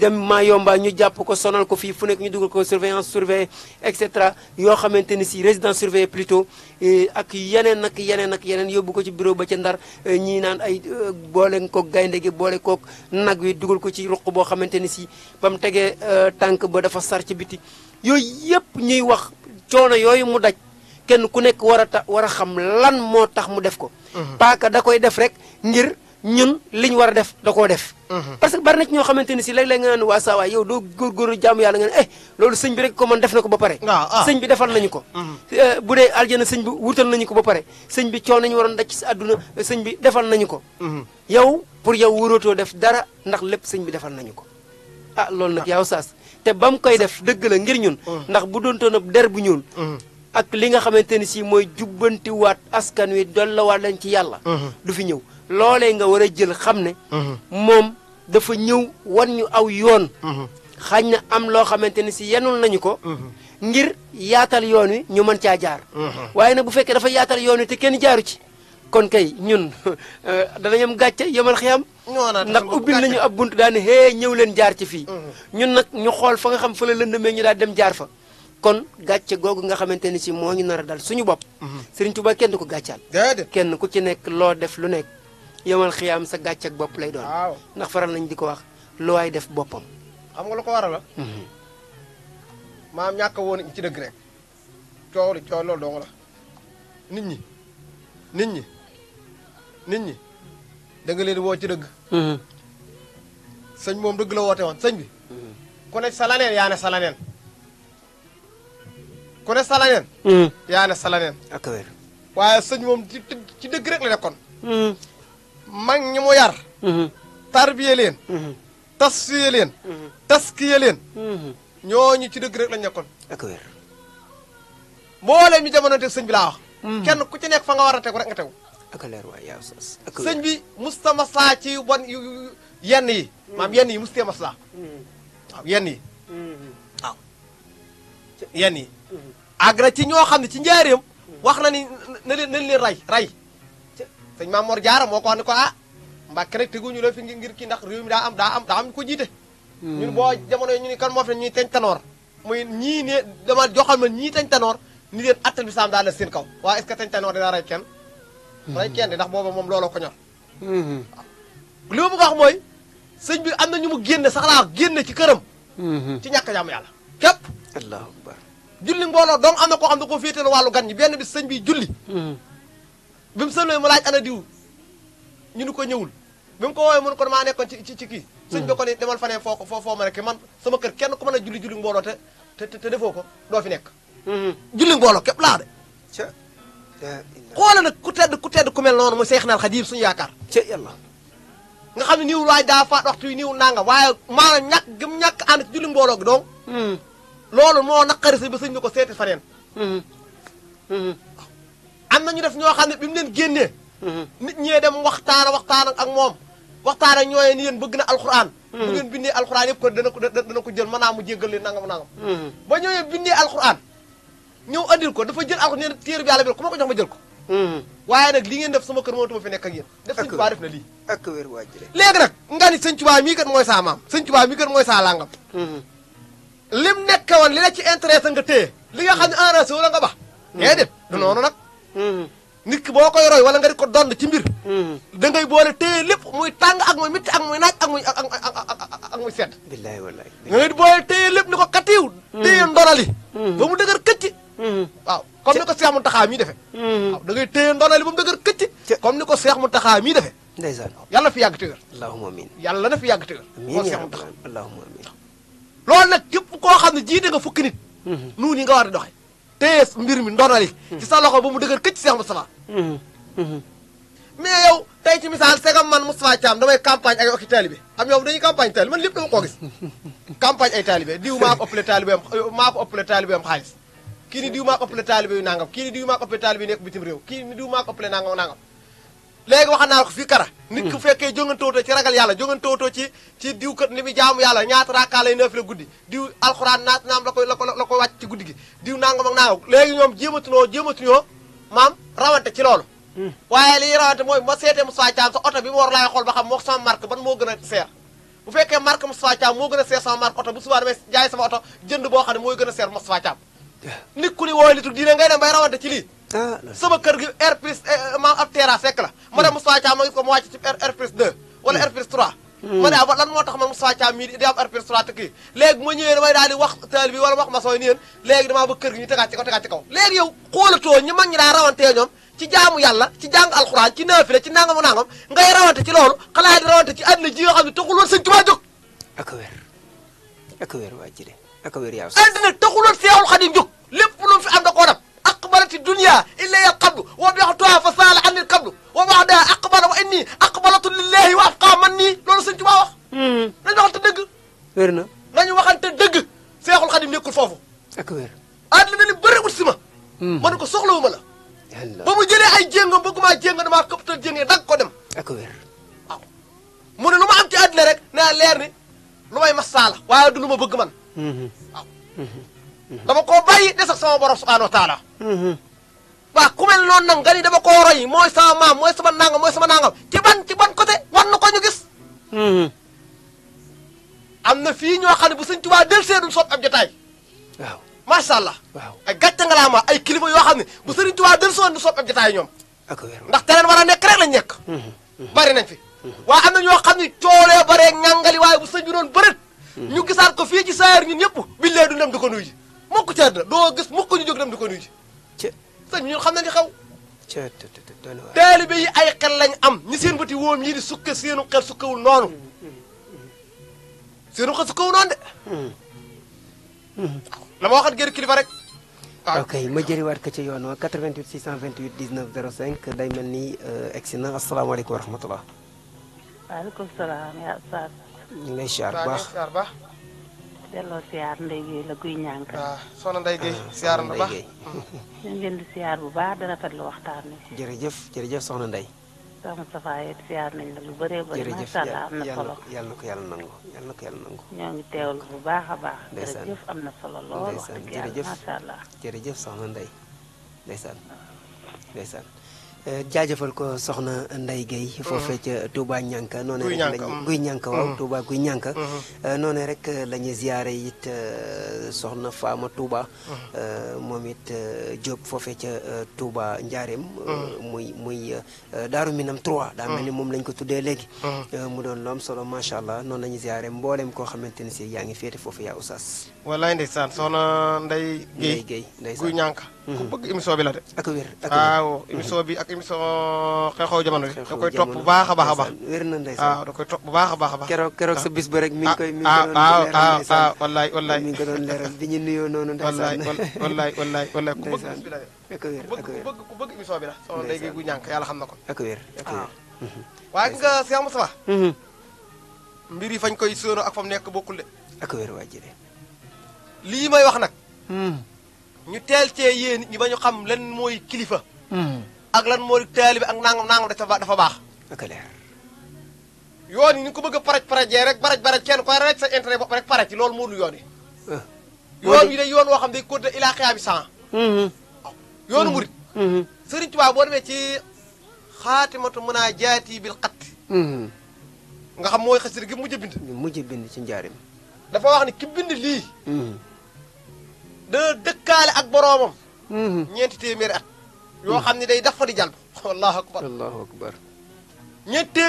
dem maa yomba ñu jàpp ko sonal ko fii fu nekk ñu dugal ko surveillance surveillée et cetera yoo xamante ni si résidence surveillée plutôt eh, ak yeneen ak yeneen ak yeneen yóbbu ko ci bureau ba ca ndar eh, ñii naan ay eh, boole ko gaynde gi boole koog nag wi dugal ko ci ruq boo xamante ni si ba mu tegee tànk ba dafa sar ci biti yooyu yëpp ñuy wax coono yooyu mu daj kenn ku nekk war a ta war a xam lan moo tax mu def ko. Mhm. paaka da koy def rek ngir ñun li ñu war a def da koo def. Mhm. parce que bari na ci ñoo xamante ni si léeg-léeg nga naan waa saa yow doo góorgóorlu jaamu yàlla nga ne eh sëñ bi rek ko def na ko ba pare. Ah, ah. sëñ bi defal nañu ko. Mhm. Eh, bu dee aljana sëñ bi wutal nañu ko ba pare sëñ bi coono nañu waroon daj ci àdduna sëñ bi defal nañu ko. yow pour yow wóorootoo def dara ndax lépp sëñ bi defal nañu ko ah loolu nag ah. yow saas te ba mu koy def dëgg la ngir ñun. Mm. ndax bu doontoon ab der bu ñuul. Mm. ak li nga xamante ni si mooy jubbantiwaat askan wi dollawaat lañ ci yàlla. Mhm. du fi ñëw loolee nga war a jël xam ne. Mhm. moom dafa ñëw wan ñu aw yoon. Mhm. xañ na am loo xamante ni si yenul nañu ko. ngir yaatal yoon wi ñu mën caa jaar. waaye nag bu fekkee dafa yaatal yoon wi te kenn jaaru ci. kon kay ñun euh, dana am gàcce yemal xiyam. ndax ubbil nañu ab bunt daan hee ñëw leen jaar ci fii. ñun nag ñu xool fa nga xam fa la lëndamee ñu daal dem jaar fa. kon gàcce googu nga xamante ni si moo ñu nar a dal suñu bopp. Mhm. Serigne Touba kenn ko gàccaal. kenn ku ci nekk loo def lu nekk yomal xiyaam sa gàcce bopp lay doon. ndax faral nañ di ko wax lu waay def boppam. xam nga lu ko waral la. Mhm. maam ñàkk woon ci dëgg rek coow li coow loolu dong la nit ñi nit ñi nit ñi da woo ci dëgg. Mhm. sëñ moom dëgg la woote woon sëñ bi. kon ne sa laneen yaa ne sa laneen ku ne salaneen hmm. yaa ne salaneen waaye sëñ moom ci ci nekkoon hmm. mag ñi mu yar hmm. tarbiye leen tasfiye leen ci dëgg la nekkoon ak wér mboolem ñu jamono sëñ bi laa wax ku ci nekk fa nga war a tegu rek nga tegu ak leer bi musta maslaa ci bon yi maam yenn yi mustee maslaa waaw yenn yi waaw àgg ci ñoo xam ne ci njaareem wax na ni na leen nañ leen ray ray sëñ Maam Mor Jaara moo ko wax ne ko ah Mbàkke rek ñu la fi ngir kii ndax réew mi daa am daa am daa am ko jiite hmm. ñun boo jamono ñu ni kan moo fi ñuy teñ tanoor muy ñii ne dama joxal ma ñii teñ tanoor ni leen attal bi saam daa seen kaw waaye est-ce que teñ tanoor dina rey kenn hmm. rey di ndax booba moom looloo ko ñor hmm. li ma bëgg wax mooy sëñ bi am na ñu mu génne sax laa génne ci këram ci ñàkk jàmm yàlla képp julli mbooloo dong am na koo xam ne koo féetee wàllu gan ñi benn bi sëñ bi julli. Hmm. bi mu sëlmee mu laaj ana diw ñu ni ko ñëwul. bi mu ko woowee mun ko maa nekkoon ci ci kii. sëñ bi ko ni demal faneen foo ko foo foo ma man sama kër kenn ku mën a julli julli mbooloo te te defoo ko doo fi nekk. Hmm. julli mbooloo képp laa de. ca xoolal nag ku tedd ku tedd ku mel noonu mu Seexna al Xadiim suñu yaakaar. ca yàlla. nga xam ne niiwul waay daa faat waxtu yi niiwul nangam waaye maanaam ñàkk gëm ñàkk ànd mbooloo gi loolu moo naqari si ba sëñ bi ko seeti faneen hmm. hmm. am na ñu def ñoo xam ne bi mu leen génnee hmm. nit ñee dem waxtaan waxtaan ak moom waxtaan ak ñooyee ni yéen bëgg na alxuraan bu ngeen bindee alxuraan yëpp ko dana ko dana ko jël mën naa mu jéggal leen nangam nangam ba ñooyee bindee alxuraan ñëw andil ko dafa jël alxuraan neen téere bi bi ku ma ko jox ma jël ko waaye nag li ngeen def sama kër moom tuma fi nekk ak yéen def sëñ def na lii ak wér waa léegi nag nga ni sëñ Tuubaa mii kat mooy saa maam sëñ Tuubaa mii kat mooy saa langam lim nekk woon li la ci intéressé nga te li nga xam ne enragé wala nga bax déedéet eh, du noonu nag mm-hmm. nit ki boo koy roy wala nga di ko dond ci mbir mm-hmm. da ngay boole téye lépp muy tàng ak muy mitti ak muy naaj ak muy ak muy sedd billaay wallaay nga ngay boole téye lépp ni ko katiw mm-hmm. téye ndonali ba mu dëgër këcc waaw comme ni ko Seex Muntaxa mii defe waaw da ngay téye ndonali ba mu dëgër këcc comme ni ko Seex Muntaxa mii defe ndeysaan yàlla fi yàgg te wér allahumma amiin yàlla na fi yàgg te loolu nag képp koo xam ne jiite nga fukki nit mm-hmm. nuu ni nga war a doxe mbir mi ndonali mm-hmm. ci sa loxo ba mu dëgër këcc Cheikh Moustapha mm-hmm. mais yow tey ci misaal segam man Moustapha Thiam damay campagne a oki taalibe am ñoom dañuy campagne taalibe man lépp dama koo gis campagne ay taalibe diw maa ko ëppale taalibe euh, maa ko ëppale taalibe am xaalis kii ni diw maa ko ëppale taalibe yu nangam kii ni diw maa ko ëppale taalibe yu nekk bitim réew kii diw maa ko nangam nangam léegi wax naa ko fii kara nit ku mm. fekkee jóngantootoo ci ragal yàlla jóngantootoo ci ci diw kat jaamu yàlla ñaata rakaa lay neef la guddi diw alxuraan naat naam la koy la ko la koy wàcc ci guddi gi diw nangam ak nangam léegi ñoom jéematuñoo jéematuñoo maam rawante ci loolu mm. waaye liy rawante mooy ma seetee Moussa Thiam sa oto bi ma war laay xool ba xam moo sama marque ban moo gën a seer bu fekkee marque Moussa Thiam moo gën a seer sama marque oto bu subaa damay jaay sama oto jënd boo xam a seer Ah. sama kër gi R plus e, eh, maam ab terrasse rek la. ma dem Moussa Thiam ma gis ko mu wàcc ci R plus 2 hmm. hmm. ma ne ah, lan moo tax man Moussa Thiam mii di am R plus 3 te kii léegi ma ñëwee damay a di wax taal bi wala wax ma sooy ni yéen léegi damaa bëgg kër gi ñu tegaat ci kaw tegaat ci kaw. léegi yow xoolatoo ñu mag ñi daa rawantee ñoom ci jaamu yàlla ci jàng alxuraan ci naafila ci nangamu nangam ngay rawante ci loolu xalaat ji yoo xam ne taxuloon sëñ Tuubaa jóg. ak wér ak wér waa ji de ak wér yaa. àddina taxuloon Seexul Xadiim jóg lépp lu mu fi am da koo أقبلت الدنيا إلا قبل وبعتها فسال عن القبل وبعدها أقبل وإني أقبلت لله وأبقى مني loolu sëñ Tuubaa wax. Hmm. nañu waxante dëgg. wér na nañu waxante dëgg. Seexul Xadim nekkul foofu. ak wér. àddina li bëri wut si ma. Hmm. ma ne ko soxlawuma la. yàlla ba mu jëlee ay jéngam bëgguma jéngam damaa dagg ko dem. ak wér. mu ne lu ma am ci àddina rek naa leer ni lu may masaa la waaye du lu ma bëgg man. Hmm. dama koo bàyyi des ak sama boro subhaanahu wa taala waaw ku mel noonu dama koo roy mooy sama maam mooy sama nangam mooy sama nangam ci ban ci ban côté war na ko ñu gis am na fii ñoo xam ne bu sëñ Tuubaa del seedum soob ab jotaay waaw macha allah waaw ay gàcce nga laa ma ay kilifa yoo xam ne bu sëriñ Tuubaa del soon du soob ab jotaay ñoom ndax te leen war a nekk rek lañ nekk mm-hmm. Mm-hmm. bari nañ fi mm-hmm. waa am na ñoo xam ne coolee baree ñàngali waaye bu sëñ bi doon bërët ñu gis gisaat ko fii ci saar ñun ñëpp billee du mukk ci àdduna doo gis mukk ñu jóg dem di ko nuyu ji. ca sëñ ñun xam na li xaw. ca taalibe yi ay xel lañ am ñi seen bëti woom yi di sukke seenu xel sukkawul noonu. seenu xel sukkawul noonu de. la ma waxat gër kilifa rek. Ah. ok ma jëriwaat ko ci yoon wa 88 628 day mel ni euh, egsi na asalaamaaleykum wa rahmatulah. waaleykum salaam. delloo siyaar Ndeye Guèye la guy ñànk waaw ah, soxna Ndeye Guèye ah, siyaar na baax ñu ngi leen di siyaar bu baax di rafetlu waxtaan wi jërëjëf jërëjëf soxna Ndeye sax Moustapha it siyaar nañ la lu bëree bëri macha allah am na solo yàlla na ko yàlla nangu yàlla na bu baax a baax jërëjëf am na solo lool wax dëgg yàlla macha allah jërëjëf soxna Ndeye ndeysaan ndeysaan Eh, jaajëfal ko soxna Ndeye Guèye. foofee ca Touba Ñànka. guy Ñànka guy Ñànka waaw mm-hmm. mm-hmm. eh, rek la ñuy ziare it eh, soxna Faama Touba. Mm-hmm. moom it Diop foofee ca Touba Njaareem. muy muy Daaru Minam 3. daa mel ni moom lañ ko tuddee léegi. mu doon lu solo macha allah noonu lañu ñuy ziare koo xamante ni si yaa ngi féete foofu yaa Oustaz. wallaay ndeysaan soxna Ndeye Guèye guy ñànk mhm. ku bëgg émission bi la de ak wér waaw émission bi ak émission xew-xew jamono bi da bu baax a baax a baax wér na ndeysaan bu baax a a baax keroog keroog sa rek mi ngi koy mi ngi ko doon ngi ko doon leeral bi bëgg bis bëgg émission bi la soxna Ndeye yàlla xam na ko ak wér ak ah. mhm. mhm. mbir yi fañ koy sóono ak nekk bokkul de lii may wax nag. Hmm. ñu teel cee yéen nit ñi ba ñu xam lan mooy kilifa. Hmm. ak lan mooy taalibe ak nangam nangam dafa dafa baax. dëgg la yoon yi ñu ko bëgg a paraj parajee rek baraj baraj kenn ko rek sa intérêt bopp rek paraj loolu moo dul yoon yi. Euh. yoon yi day yoon woo xam day côté ilaa xiyaami san. Hmm. yoonu murit. Sëriñ Tuubaa boo demee ci xaatimatu munaajaati bil xatti. nga xam mooy xasida mu mujj bind. mu mujj bind ci njaarim. dafa wax ni ki bind lii. dana dëkkaale ak boroomam. Mhm. ñeenti téeméeri at. yoo xam ne day daf fa di jalb. allahu akbar allahu akbar. ñeenti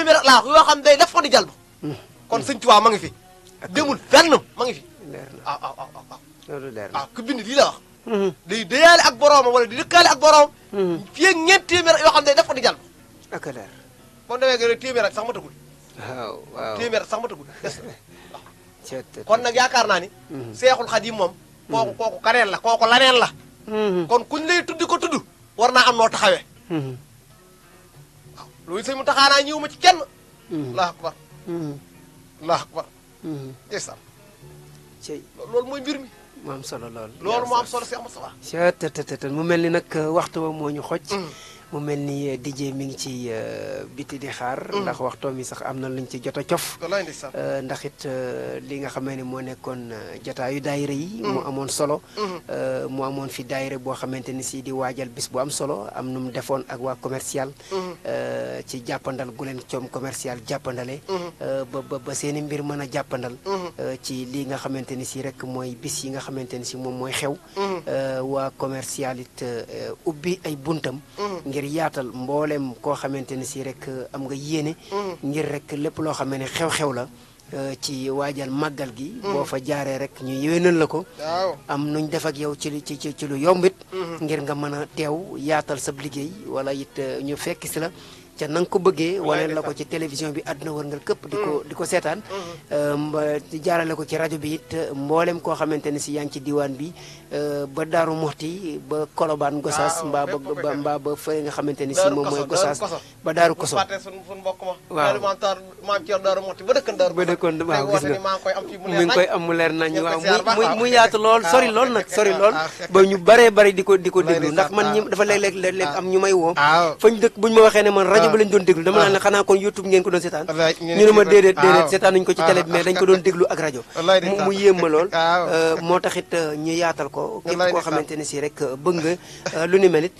day daf fa di mhm. kon sëñ Tuubaa ma ngi fi. demul fenn ma ngi fi. leer na ah ah ah, ah. loolu leer ah, bind lii la mhm. wala di dëkkaale ak boroomam. fii ak ñeenti téeméeri yoo xam ne day daf fa di jalb. ak leer. boo demee nga ne téeméeri at sax matagul. waaw kon nag yaakaar naa ni. seexul xadiim moom. kooku kooku kaneen la kooku laneen la. Mm-hmm. kon kuñ lay tudd ko tudd war naa am noo taxawee. Mm-hmm. waaw loolu mu mu naa ñëw ma ci kenn. Mm-hmm. allahu akbar. allahu akbar. ndeysaan. loolu mooy mbir mi. mu am solo lool. loolu moo am solo si am sa mu mel ni nag waxtu ba moo ñu xoj. mu mel ni euh, DJ mi ngi ci euh, biti di xaar. Mm-hmm. ndax waxtoom yi sax am na luñ ci jot a cof. Euh, ndax li nga xamee ni moo nekkoon jotaayu daayira yi. mu mm-hmm. amoon solo. mu mm-hmm. amoon fi daayira boo xamante ni si di waajal bis bu am solo am nu mu defoon ak waa commercial. ci jàppandal gu leen coom commercial jàppandale. ba ba seen i mbir mën a jàppandal. ci li nga xamante ni si rek mooy bis yi nga xamante ni si moom mooy xew. waa commercial it ubbi ay buntam. ngir ngir yaatal mboolem koo xamante ne si rek am nga yéene. Mm-hmm. ngir rek lépp loo xam ne xew-xew la. Euh, ci waajal màggal gi. Mm-hmm. boo fa jaaree rek ñu yéwénal la ko. am nuñ def ak yow ci ci ci lu yombit mm-hmm. ngir nga mën a teew yaatal sa liggéey wala it euh, ñu fekk si la. ca na nga ko bëggee waneen la ko ci télévision bi àdduna wërngal këpp di ko mm. di ko seetaan mm-hmm. ehm, jaarale ko ci rajo bi it mboolem koo xamante ne si yaa ngi ci diwaan bi eh, ba Daaru Moxti ba Kolobaan Gosaas mbaa ba mbaa ba fëy nga xamante ne si moom mooy Gosaas ba Daaru Koso waaw ba dëkkoon waaw gis nga mu ngi koy am mu leer nañ waaw muy muy yaatu lool ah, sori lool nag sori ah, lool ah, ba ñu baree bari di ko di ko déglu ndax man ñi dafa léeg-léeg am ñu may woo fañ dëkk buñ ma waxee ne man rajo rajo bi lañ doon déglu la ah. ko doon seetaan ñu ne ma déedéet ah, ko ci ah, télé bi mais dañ ko doon déglu ak rajo mu ma lool euh, moo taxit euh, ñu yaatal ko képp koo xamante ne si rek euh, bëgg nga lu ni mel it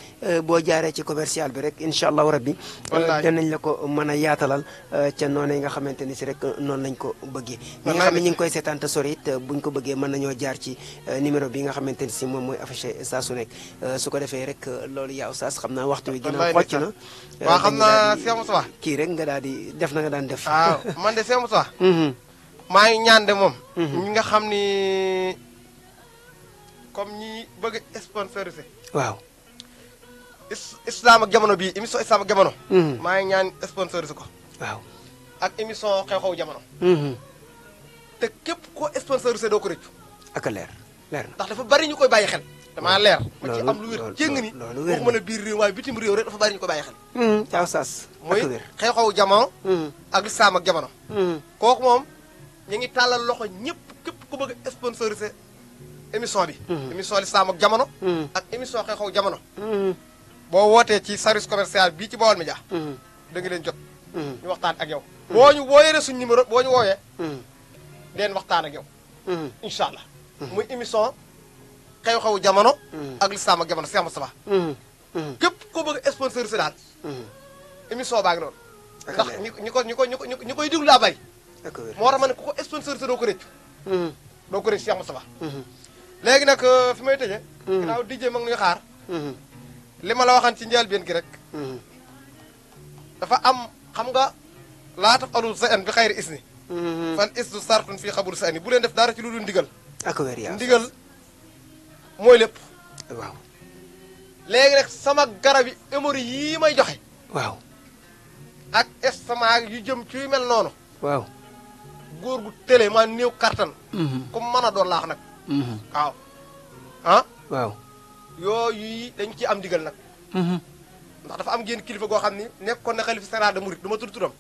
boo jaaree ci commercial bi rek incha allahu rabbi danañ la ko mën a yaatalal ca noonu nga xamante ni si rek noonu lañ ko bëggee man nga xam ne ngi koy seetaan te sori it buñ ko bëggee mën nañoo jaar ci numéro bi nga xamante ni si moom mooy affiché saa su nekk su ko defee rek loolu yaa oustaz xam naa waxtu wi a xocc na Cheikh Moussa kii rek nga daal di def na nga daan def waaw man de Cheikh Moussa mm-hmm. maa ngi ñaan de moom mm-hmm. ñi nga xam ni comme ñi bëgg sponsorisé waaw islam ak jamono bii émission islam ak jamono mm-hmm. maa ngi ñaan sponsorisé ko waaw ak émission xew-xew jamono te képp koo sponsorisé doo ko rëccu ak leer leer na ndax dafa bari ñu koy bàyyi xel damaa leer ma ci am lu wér jéng ni waxuma ne biir réew waaye bitim réew rek dafa bari ñu ko bàyyi xel hmm, caaw saas mooy xew-xew jamono hmm. ak lislaam ak jamono hmm. kooku moom ñu ngi tàllal loxo ñëpp képp ku bëgg a sponsorisé émission bi émission lislaam ak jamono ak émission xew-xew jamono boo wootee ci service commercial bii ci Baol Média da nga leen jot ñu waxtaan ak yow boo ñu wooyee ne suñ numéro boo ñu wooyee leen waxtaan ak yow incha allah muy émission xew-xewu jamono. Mm. ak lislaam ak jamono ma Moustapha. Mm. Mm. képp koo bëgg a sponsorisé daal. émission baa ngi noonu. ndax ñi ñi ko ñi ko koy déglu laa bay moo tax ma ne ku ko sponsorisé doo ko rëccu. doo ko rëccu Cheikh Moustapha. Mm-hmm. léegi nag euh, fi may tëjee. ginnaaw DJ ma ngi ñuy xaar. Mm-hmm. li ma la waxan ci njëlbéen gi rek. Mm-hmm. dafa am xam nga laata tax alul sa en bi xayri isni. fan is du sartun fii xabul sa en bu leen def dara ci lu dul ndigal. ak ndigal. mooy lépp. waaw. léegi sama garab yi émori yii may joxe. waaw. ak estomac yu jëm ci yu mel noonu. waaw. góor gu tële maa néew kattan. Mm-hmm. ku mën a doon laax nag. Mm-hmm. waaw ah. waaw. yooyu yi dañ ciy am digal nag. Mm-hmm. ndax dafa am génn kilifa goo xam ni nekkoon na xalifa général de Mouride du ma tudd turam.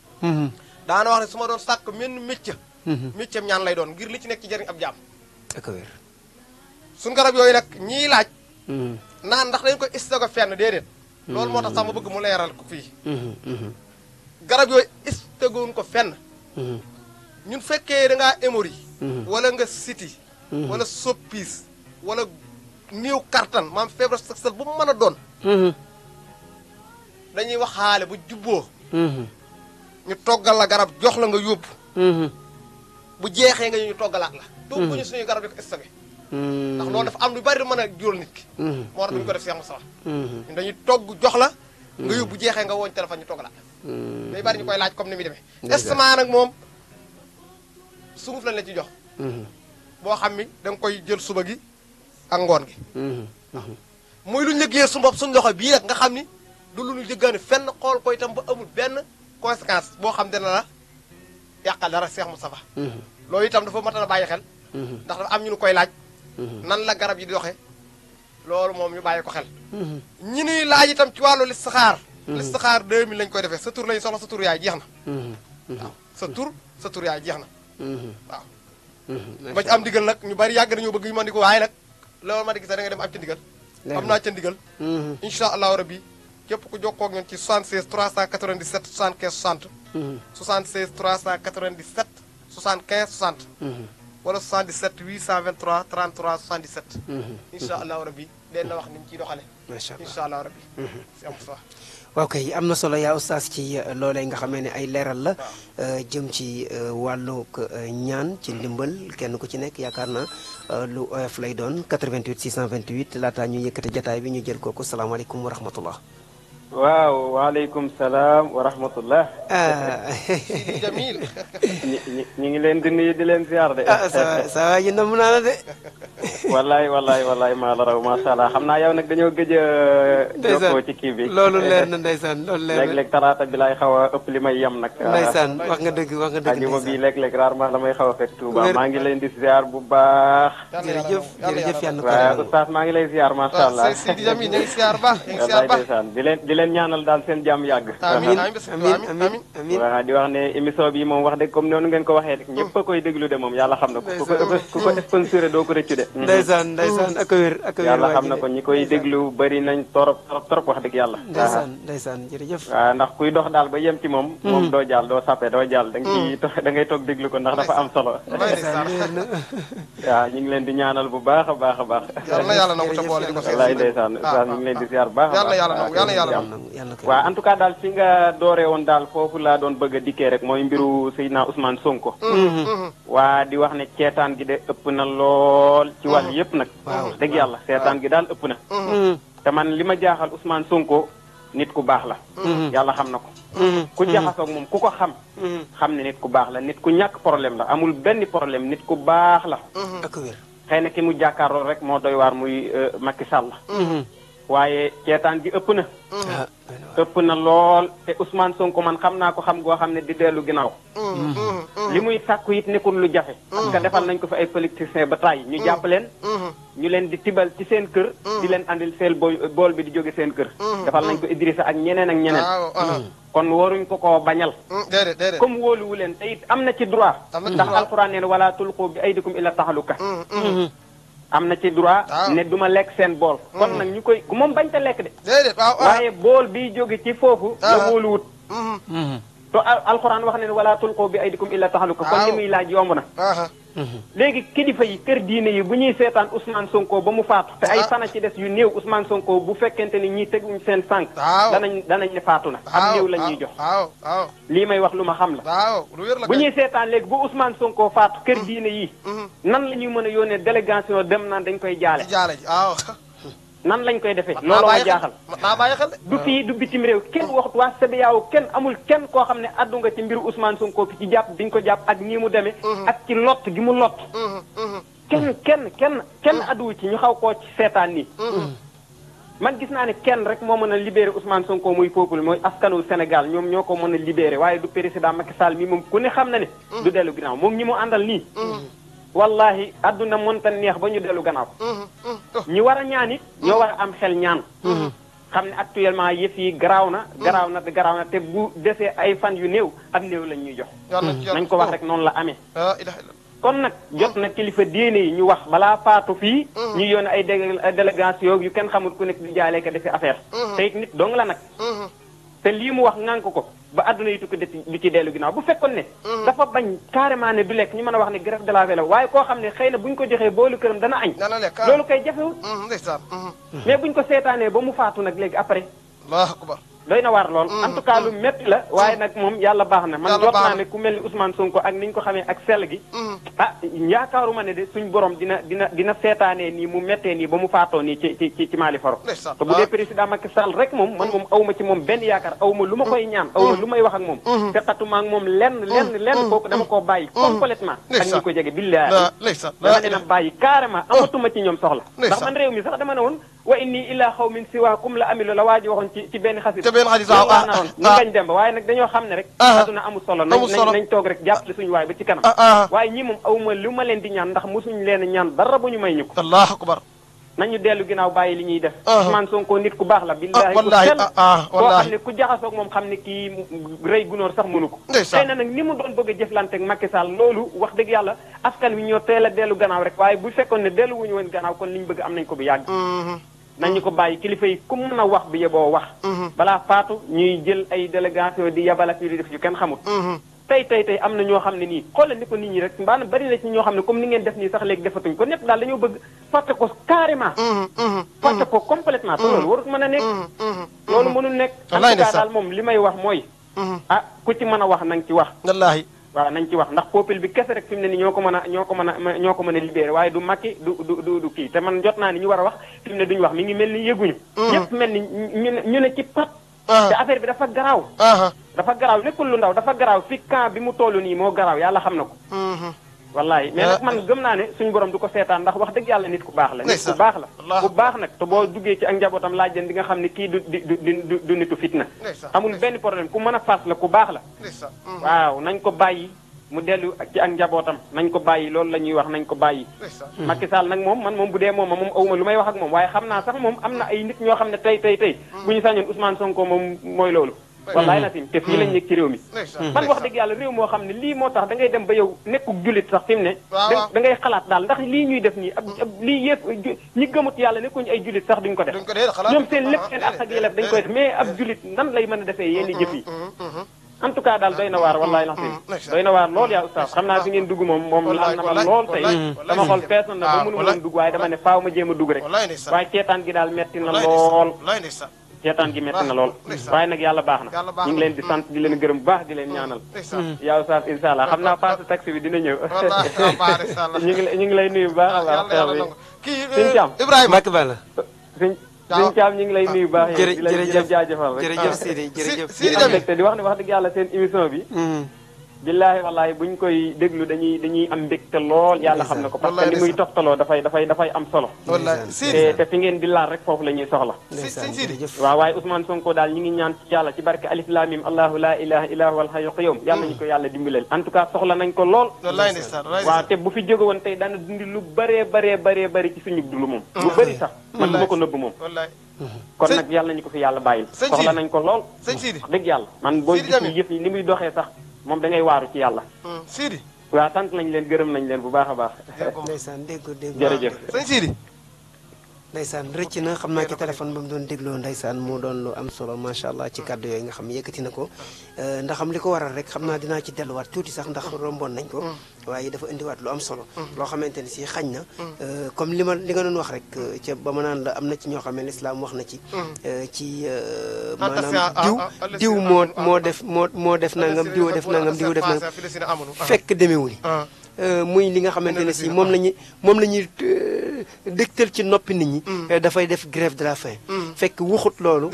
daana wax ne doon sàkk menn métier. métier ñaan lay doon ngir li ci nekk ci ab jaam. ak suñ garab yooyu nag ñiy laaj mm-hmm. naan ndax dañ ko stocké fenn déedéet mm-hmm. loolu moo tax sax ma bëgg mu leeral ko fii mm-hmm. garab yooyu stocké ko fenn ñun fekkee da ngaa émori wala nga siti wala soppiis wala niiw kartan maam feebar sexuel bu mu a doon dañuy waxaale bu jubboo ñu toggal la garab jox la nga yóbbu bu jeexee nga ñu toggalaat la togguñu suñu garab yi ko stocké Hmm. ndax loolu dafa am lu bari man a jural nit ki hmm. moo tax duñu ko def hmm. dañuy togg jox la nga bu jeexee nga woñ téléphone ñu togg la day bari ñu koy laaj comme ni muy demee estomac nag moom sunguf lañ la ci jox boo xam ni koy jël suba gi ak ngoon gi muy lu ñu liggéeyee suñu bopp suñu loxo bii nga xam ni du lu ñu jëggaane fenn xool ko itam ba amul benn conséquence boo xam dina la yàqal dara Cheikh Moustapha loolu itam dafa matal a bàyyi xel ndax dafa am ñu nu koy laaj Mm-hmm. nan la garab yi di doxee loolu moom ñu bàyyi ko xel. Mm-hmm. ñi nii laaj itam ci wàllu listixaar. Mm-hmm. listixaar 2000 lañ koy defee sa tur lañ soxla sa yaay jeex na. waaw sa tur sa tur yaay jeex na. waaw. ba ci am ndigal nag ñu bari yàgg nañoo bëgg ñu mën di ko waaye nag loolu ma di gis da nga dem am ca ndigal. am naa ca ndigal. incha allahu rabi képp ku jokkoo ak ñun ci 76 397 75 60. 76 397 75 60. wala 77 823 33 77. incha allahu rabi leen la wax ni ñu ciy doxalee. macha allah incha allahu rabi. Mhm. si am fa. waaw kay am na solo yaa oustaz ci euh, loolee nga xamee ne ay leeral la euh, jëm ci euh, wàllug ñaan ci mm-hmm. ndimbal kenn ku ci nekk yaakaar na lu oyof lay doon 88 628 laataa ñu yëkkati jataay bi ñu jël kooku salaamaaleykum wa rahmatullah waaw waaleykum salaam wa rahmatullah. jamil ñi ñu ngi leen di di leen ziar de. ah ça ça yi namm naa la de. wallaay wallaay wallaay maa la raw macha xam naa yow nag dañoo gëj a. jokkoo ci kii bi loolu leer na talaata bi laay xaw ëpp li may yem nag. ndeysaan wax nga dëgg wax nga dëgg. ndeysaan àjjuma bi léeg-léeg rarement la may xaw a fekk Touba maa ngi leen di ziar bu baax. jërëjëf jërëjëf yàlla na ko maa ngi lay ziar macha allah. waaw Seydi Jamil ñu leen ñaanal daal seen jàmm yàgg. amiin amiin amiin waaw di wax ne bi moom wax dëgg comme noonu ngeen ko waxee rek ñëpp a koy déglu de moom yàlla xam na ko. ku ko sponsoré doo ko rëccu de. ndeysaan ndeysaan mm. a wér a wér yàlla xam na ko ñi koy déglu bëri nañ torop torop torop wax dëgg yàlla. ndeysaan ndeysaan jërëjëf. waaw ndax kuy dox daal ba yem ci moom. Mm. moom doo jàll doo sàppe doo jàll da mm. da ngay toog déglu ko ndax dafa am solo. waaw ñu ngi leen di ñaanal bu baax a baax a baax. yàlla yàlla na ko sa boole di ko seet. wallaay ndeysaan ah, ah, ñu ngi leen di ah. ziar baax a baax yàlla yàlla na ko yàlla wa en tout cas daal fi nga dooree woon daal foofu la doon bëgg a dikkee rek mooy mbiru Seydina Ousmane Sonko. Mm-hmm. Mm-hmm. waa di wax ne ceetaan gi de ëpp na lool ci wàll mm-hmm. yëpp nag. dëgg yàlla ceetaan gi daal ëpp na. te man li ma jaaxal Ousmane Sonko nit ku baax la. yàlla xam na ko. ku jaxasoog moom ku ko xam. xam ne nit ku baax la nit ku ñàkk problème la amul benn problème nit ku baax la. xëy na ki mu jàkkaarloo rek moo doy waar muy euh, Macky Sall. waaye ceetaan gi ëpp na. Mm-hmm. ëpp na lool te Ousmane Sonko man xam naa ko xam goo xam ne di dellu ginnaaw. Mm-hmm. li muy sàkku it nekkul lu jafe. Mm-hmm. parce que defal nañ ko fi ay politiciens ba tàyyi ñu jàpp leen. ñu leen di tibal ci seen kër. di leen andil seen bool bi di jóge seen kër. defal nañ ko Idrissa ak ñeneen ak ñeneen. kon waruñ ko koo bañal. déedéet déedéet comme wóoluwu leen te am na ci droit. ndax alxuraan neen wala tulqu bi aydikum ila taxaluka am na ci droit. Ah. ne duma lekk seen bool. Hmm. kon nag ñu koy moom bañ ta lekk de. waaye bool biy jóge ci foofu. Ah. la wóoluwut. Hmm. Hmm. to alxuraan wax neen ne wala tulqu bi aydikum illa taxaluka kon li muy laaj yomb na. Ah, léegi kilifa yi kër diine yi bu ñuy seetaan Ousmane Sonko ba mu faatu. te ay ah. fana ci des yu néew Ousmane Sonko bu fekkente ni ñii teguñ seen sànq. danañ danañ ne faatu na. am néew la ñuy jox. lii may wax lu ma xam la. bu ñuy seetaan léegi bu Ousmane Sonko faatu kër mm. diine yi. Mm. nan la ñuy mën a yónnee délégation dem naan dañ koy jaale. nan lañ koy defee looloo ma jaaxal maa du fii du bitim réew kenn waxut waa CEDEAO kenn amul kenn koo xam ne addu nga ci mbiru Ousmane Sonko ki ci jàpp biñ ko jàpp ak nii mu demee mhm. ak ci lott gi mu lott mhm, mhm. kenn kenn kenn kenn adduwu ci ñu xaw koo ci seetaan nii man gis naa ne kenn rek moo mën a libéré Ousmane Sonko muy peuple mooy askanu Sénégal ñoom ñoo ko mën a libéré waaye du président Macky saal mi moom ku ne xam na ne du dellu ginnaaw moom ñi mu àndal nii wallahi adduna moon ta neex ba ñu dellu gannaaw mm-hmm. ñi war a ñaan ñoo war a am xel ñaan mm-hmm. xam ne actuellement yëf yi garaaw na mm-hmm. garaaw na garaaw na te bu defee ay fan yu néew ak néew lañ ñuy jox nañ ko wax rek noonu la amee kon nag jot na kilifa diine yi ñu wax balaa faatu fii ñu yónnee ay délégation yu kenn xamul ku nekk di jaale ka defee affaire te nit dong la nag te lii mu wax ŋànk ko ba àdduna yi tukki du ci dellu ginnaaw bu fekkoon ne. Mm. dafa bañ carrément ne du lekk ñi mën a wax ne grève de la waaye koo xam ne xëy na bu ñu ko joxee boolu këram dana añ. Ah. loolu koy jafewul. Mm, mm. mais buñ ko seetaanee ba mu faatu nag léegi après. allahu akbar doy na waar lool. en tout cas lu métti la. waaye nag moom yàlla baax na. man jot naa ne ku mel ni Ousmane Sonko ak ni ñu ko xamee ak sell gi. ah yaakaaruma ne de suñ borom dina dina dina mu méttee nii ba mu faatoo nii ci ci ci ci Mali faro. te bu dee président Macky Sall rek moom man moom awma ci moom benn yaakaar awma lu ma koy ñaan. awma lu may wax moom. seqatuma moom lenn lenn lenn kooku dama koo bàyyi. complètement ak ñi ko jege billahi. dama a dama ne woon wa inni illaa la amilu la waa ji benn xadis waaw ah ah bañ dem waaye nag dañoo xam ne rek aduna ah, ah. amul solo nañ toog rek jàppale ah, suñu waay ba ci kanam waaye ñi moom awma lu ma leen di ñaan ndax mosuñu leen ñaan dara bu ñu may ñu ko allah akbar nañu dellu ginnaaw bàyyi li ñuy def Ousmane Sonko nit ku baax la billaahi ku sell koo xam ne ku jaxasoog moom xam ne kii rëy gunóor sax mënu ko xëy na nag ni mu doon bëgg a jëflante ak Macky Sall loolu wax dëgg yàlla askan wi ñoo teel a dellu gannaaw rek waaye bu fekkoon ne dellu woon gannaaw kon li ñu bëgg am nañ ko bu yàgg mm-hmm. nan ñu ko bàyyi kilifa yi ku mën a wax bi yeboo wax. Mhm. balaa faatu ñuy jël ay délégation di yabal ak yu di def yu kenn xamul. Mhm. tey tey tey am na ñoo xam ne nii xoolal ni ko nit ñi rek maanaam bari na ci ñoo xam ne comme ni ngeen def nii sax léegi defatuñ ko ñëpp daal dañoo bëgg fàtte ko carrément. Mhm, fàtte ko complètement te loolu warut mën a nekk. loolu mënul nekk. en tout cas daal moom li may wax mooy. ah ku ci mën a wax na ci wax. wallaahi. waaw nañ ci wax ndax peuple bi kese rek fi mu ne ni ñoo ko mën a ñoo ko mën a ñoo ko mën a waaye du Macky du du du du kii te man jot naa ni ñu war a wax fi ne duñu wax mi ngi mel ni yëguñu mm-hmm. ñëpp mel ni ñu ne ci pat uh-huh. te affaire bi dafa garaaw uh-huh. dafa garaaw nekkul lu ndaw dafa garaaw fi camp bi mu toll nii moo garaaw yàlla xam na ko mm-hmm. wallaay mais nag ah. man gëm naa ne suñu borom du ko seetaan ndax wax dëgg yàlla nit ku baax la nit ku baax la ku baax nag te boo duggee ci ak njabootam laaj leen di nga xam ne kii du du du nitu fitna amul benn problème ku mën a fas la ku baax la mm. waaw nañ ko bàyyi mu dellu ci ak njabootam nañ ko bàyyi loolu la ñuy wax nañ ko bàyyi mm. Macky Sall nag moom man moom bu dee moom moom awuma lu may wax moom waaye xam naa sax moom am na ay nit ñoo xam ne tey tey tey mm. bu ñu sañoon Ousmane Sonko moom mooy loolu wallaay lasim te fii lañ hmm. nekk ci réew mi man wax dëgg yàlla réew moo xam ne lii moo tax da ngay dem ba yow nekkul jullit sax fi ne da xalaat daal ndax lii ñuy def nii lii yàlla nekkuñu ay jullit sax duñ ko def ñoom seen lépp seen ak ak yelef dañ koy def mais ab jullit nan lay mën a defee yenn jëf yi hmm, hmm, daal doy na waar wallaay lasim doy na waar lool yaa oustaz xam naa fi ngeen dugg moom moom laal na ma lool tey dama xool fees na ah, ba mënu ma woon dugg waaye dama ne faaw ma jéem a dugg rek waaye ceetaan gi daal metti na lool seetaan gi metti na lool waaye nag yàlla baax na ñu ngi leen di sant di leen gërëm baax di leen ñaanal yaa Oustaz incha xam naa passe taxi bi dina ñëw ñu ngi nuyu baax a baax seex bi eh, suñ caam Ibrahima Mbacke nuyu baax yow di la jaajëfal rek jërëjëf ah. Sidi jërëjëf Sidi di wax ne wax dëgg yàlla seen émission bi mm-hmm. billaahi wallaahi buñ koy déglu dañuy dañuy am mbégte lool yàlla xam na ko parce que ni muy toftaloo dafay dafay dafay am solo eh, te fi ngeen di rek foofu la soxla nañ ko lool waaw te bu fi jóge tey daana dundi lu bëree bëree bëree bëri ci suñu dund moom lu bëri sax man du ko nëbb moom kon nag yàlla ñu ko fi yàlla bàyyil soxla nañ ko lool dëgg yàlla man booy gis yëf ni muy doxee sax moom da ngay waaru ci yàlla. Hmm, Sidi. waaw sant nañ leen gërëm nañ leen bu baax a baax. jërëjëf. sëñ Sidi. ndaysaan rëcc na xam naa ci téléphone ba mu doon dégloo ndaysaan mu doon lu am solo macha allah ci kàddu yooyu nga xam yëkkati na ko euh, ndax li ko waral rek xam naa dinaa ci delluwaat tuuti sax ndax romboon nañ ko mm. waaye dafa indiwaat lu am solo mm. loo xamante ne sii xañ na mm. euh, comme li ma li nga doon wax rek euh, ca ba ma naan la am na ci ñoo xam ne lislaam wax na ci ci maanaam ah, diw ah, diw moo ah, moo def moo moo def nangam diw def nangam diw def nangam fekk demewul Euh, muy li nga xamante ne si moom la ah. ñuy moom la ñuy euh, dëgtal ci noppi nit ñi. Mm. Euh, dafay def grève de la faim. Mm. fekk waxut loolu.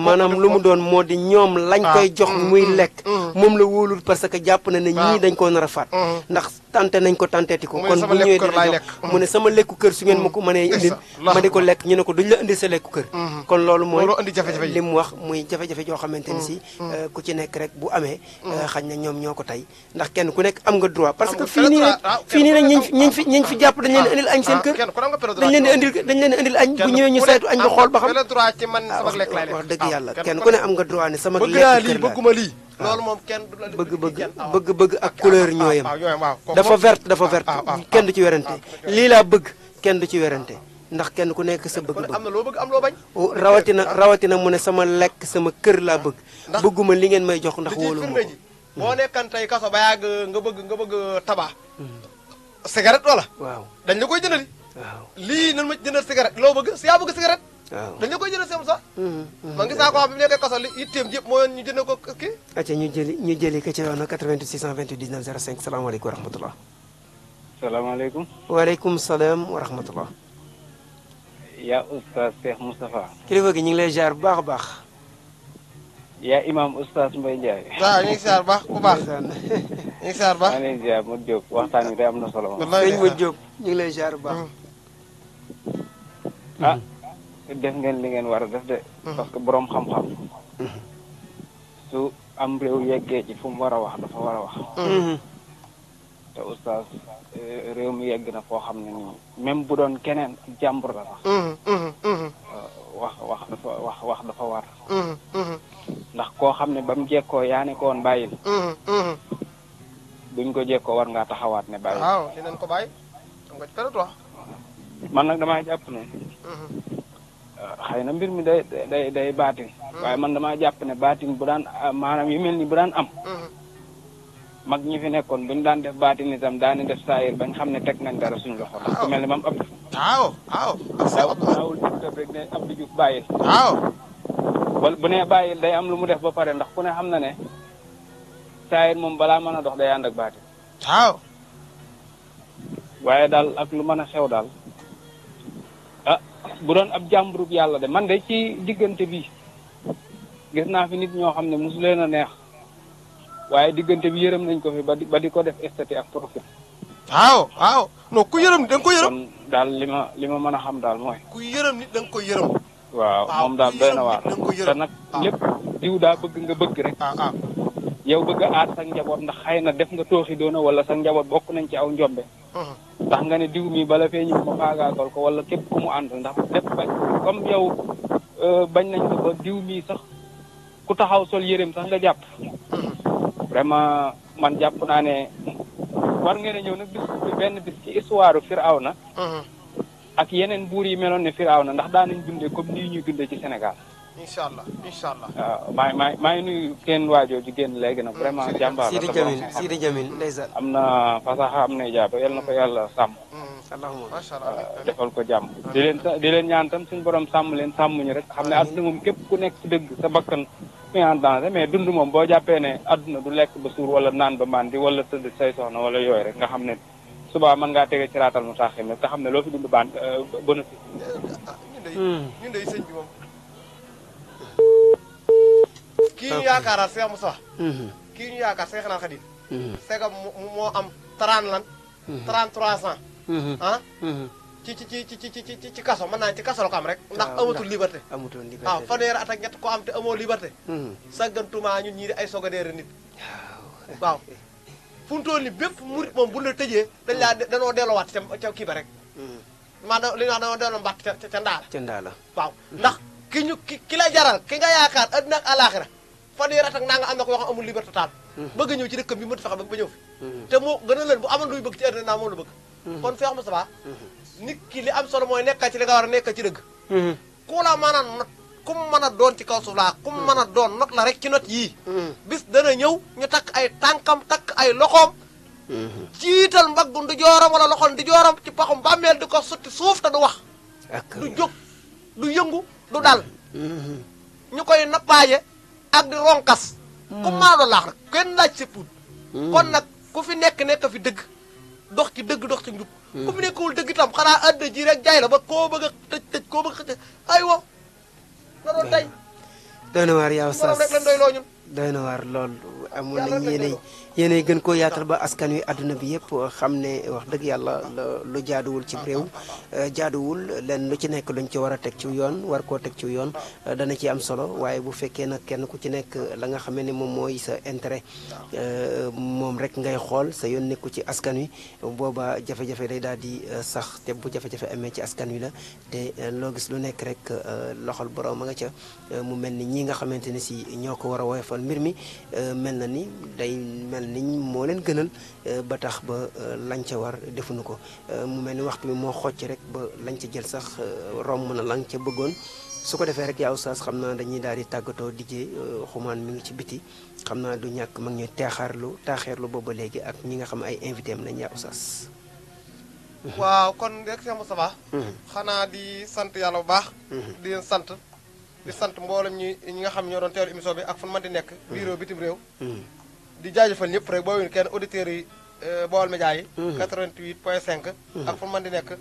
maanaam lu mu doon moo di ñoom lañ ah. koy jox mm, muy lekk. moom la wóolul parce que jàpp na ne ñi dañ koo nar a faat. ndax tante nañ ko tanteeti ko. kon bu ñëwee dina mu ne sama lekku kër su ngeen ma ko mënee indil. ma di ko lekk ñu ne ko duñ la indi sa lekku kër. Mm-hmm. kon loolu mooy li mu wax muy jafe-jafe joo xamante ni si. ku ci nekk rek bu amee. xañ na ñoom ñoo ko tey ndax kenn ku nekk am nga droit parce que fii nii nag ah, ah, fii nii nag ñi ñi ah, fi ñi fi jàpp dañ leen indil añ seen kër dañ leen di indil dañ leen indil añ bu ñëwee ñu saytu añ ba xool ba xam wax dëgg yàlla kenn ku ne am nga droit ne sama lekk kër bëgguma lii loolu moom kenn bëgg bëgg bëgg bëgg ak couleur ñooyam dafa verte dafa verte kenn du ci werante lii laa bëgg kenn du ci werante ndax kenn ku nekk sa bëgg-bëgg am na loo bëgg am loo bañ oh, rawatina rawatina mu ne sama lekk sama kër laa bëgg bëgguma li ngeen may jox ndax wóolu ma boo nekkan tey kaso ba yàgg nga bëgg nga bëgg tabac cigarette wala waaw dañ la koy jëndali li lii nan ma jëndal cigarette loo bëgg si yaa bëgg cigarette waaw dañ la koy jëndal seen sax mm-hmm. man gis naa ko bi mu nekkee kaso li itteem yëpp mooy jënd ko kii acca ñu jëli ñu jëli ka ci yoon 88 628 19 05 salaamaaleykum wa rahmatullah salaamaaleykum waaleykum salaam wa rahmatullah yaa oustaz Cheikh Moustapha kilifa gi ñu ngi lay jaar bu baax a baax yaa imaam oustaz Mbaye Ndiaye. waaw ñu ngi siyaar baax ku baax. ñu ngi siyaar baax maa waxtaan wi day am na solo ma. wallaahi sëñ Modou ñu ngi lay siyaar bu baax. Mm. ah def ngeen li ngeen war a def de. Mm. parce que borom xam-xam. Mm. su am réew yeggee ji fu mu war a wax dafa war a wax. Mm-hmm. te oustaz eh, réew mi yegg na foo xam ne nii même bu doon keneen jàmbur la sax. Mm-hmm. Mm-hmm. Ah. wax wax dafa wax wax dafa war. Mm-hmm, mm-hmm. ndax koo xam ne ba mu jekkoo yaa ne ko woon bàyyil. Mm-hmm, buñ ko jekkoo war ngaa taxawaat ne bàyyil. waaw dinañ ko bàyyi. man nag damaa jàpp ne. Ah, xëy na mbir mi day day day baatin. waaye man damaa jàpp ne baatin bu daan ah, maanaam yu ni bu daan am. mag ñi fi nekkoon bu ñu daan def baatin itam daani def saayir bañ xam ne teg nañ dara suñ loxo. waaw mel ne maam Abdou. waaw waaw. ak sa Abdou day am lu mu def ba pare ndax ku ne xam na ne saayir moom balaa mën a dox day ànd ak baatin. waaw. waaye daal ak lu mën a xew daal ah bu doon ab jàmburub yàlla de man de ci diggante bi gis naa fi nit ñoo xam ne mosu leen a neex. waaye diggante bi yërëm nañ ko fi ba ba di ko def estati ak profit waaw waaw non ku yërëm da nga ko yërëm daal li ma li ma mën a xam daal mooy ku yërëm nit da nga ko yërëm waaw moom daal doy na waar te nag lépp diw daa bëgg nga bëgg rek ah, ah. yow bëgg a aar sa njaboot ndax xëy na def nga tooxi doona wala sa njaboot bokk nañ ci aw njombe uh-huh. ndax nga ne diw mi bala fee ñëw ma faagaagal ko wala képp ku mu ànd ndax lépp bañ comme yow euh, bañ nañ ko ba diw mii sax ku taxaw sol yërëm sax nga jàpp uh-huh. vraiment man jàpp naa ne war ngeen a ñëw nag bis benn bis ci histoire Firawna mhm. ak yeneen buur yi meloon ne Firawna ndax daan nañ dundee comme nii ñu dundee ci Sénégal. incha allah incha allah. waaw maa maa maa ngi nuyu kenn waajoo ju génn léegi nag. vraiment mm. jàmbaar la Sidi Jamil Sidi Jamil ndeysaan. am na fasaxa am na jaaba yal na ko yàlla sàmm. Mm. macha allah defal ko jàmm. di leen di leen ñaan tam suñu borom sàmm leen sàmmuñu rek xam ne àdduna moom képp ku nekk ci dëgg sa bakkan mi en mais dund moom boo jàppee ne àdduna du lekk ba suur wala naan ba màndi wala tëdd say soxna wala yooyu rek nga xam ne suba man ngaa tege ci raatal mu saaxi nga xam ne loo fi dund baan euh, bénéfice. Hmm. ñun day sëñ bi moom. Hmm. kii ñu yaakaar Seex Musaa hmm. kii ñu yaakaar Seex naa moo am 30 lan. 33 Mm-hmm. ah. Mm-hmm. ci ci ci ci ci ci ci kaso mën naa ci kaso la ko am rek. ndax ah, amatul liberté. amatul liberté waaw ah, fanweeri at ak ñett ko am te amoo liberté. Mm-hmm. sàggantuma ñun ñii di ay sogadeere nit. waaw fu mu toll nii bépp murit moom bu la tëjee dañ laa danoo delloowaat ca ca kii ba rek. maanaam li ñu wax danoo delloo mbatt ca ca Ndaala. ca Ndaala waaw ndax ki ñu ki ki la jaral ki nga yaakaar adduna ak alaaxira fanweeri at ak naa nga am na ko yoo xam amul liberté taal. bëgg ñëw ci dëkkam bi mënut fexe ba ba ñëw fi. te moo gën a leen bu amoon luy bëgg ci adduna naa moom la bëgg kon feex mu nit ki li am solo mooy nekka ci li nga war a nekka ci dëgg ku la mën a not ku mën a doon ci kaw suuf laa ku mën a doon not la rek ci not yii bis dana ñëw ñu takk ay tànkam takk ay loxoom ciital mbaggu di jooram wala loxol di jooram ci paxum bàmmeel di ko sotti suuf te du wax du jóg du yëngu du dal ñu koy nappaaje ak di ronkas ku mën a doon laax rek kenn laaj sëpput mm. kon nag ku fi nekk nekk fi dëgg dox ci dëgg dox ci njub. Hmm. ku mu nekkul dëgg itam xanaa àdduna ji rek jaay la ba koo bëgg a tëj tëj koo bëgg aywa. na doon yaa oustaz rek lañ lool. amoon nañ yéenay yéenay gën koo yaatal ba askan wi àdduna bi yëpp xam ne wax dëgg yàlla lu jaaduwul ci réew euh, jaaduwul lenn lu ci nekk luñ ci war a teg ci yoon war koo teg ci yoon euh, dana ci am solo waaye bu fekkee nag kenn ku ci nekk la xamee ne moom mooy sa intérêt euh, moom rek ngay xool sa yoon nekku ci askan wi booba jafe-jafe day daal di sax te bu jafe-jafe amee ci askan wi la te loo gis lu nekk rek loxol borom ma nga ca mu mel ni ñi nga xamante si ñoo ko war a woyofal mbir mi mel na ni day mel ni moo leen gënal euh, ba tax ba euh, lañ ca war defuñu ko euh, mu mel ni waxtu bi moo xocc rek ba lañ ca jël sax romb na lañ ca bëggoon su ko defee rek yaa oustaz xam naa dañuy daal di tàggatoo dijee xumaan mi ngi ci biti xam naa du ñàkk mag ñuy teexaarlu taaxeerlu booba léegi ak ñi nga xam ay invité am lañ yaa oustaz waaw kon rek sama sabaa xanaa di sant yàlla bu baax mhm. di leen sant di sant mboolem ñi ñi nga xam ñoo doon teelu émission bi ak fu mën di nekk mm. biir réew bitim réew mm. di jaajëfal ñëpp rek boo wun kenn auditeurs yi euh, Baol Médias yi 88 mm. point cinq ak fu man di nekk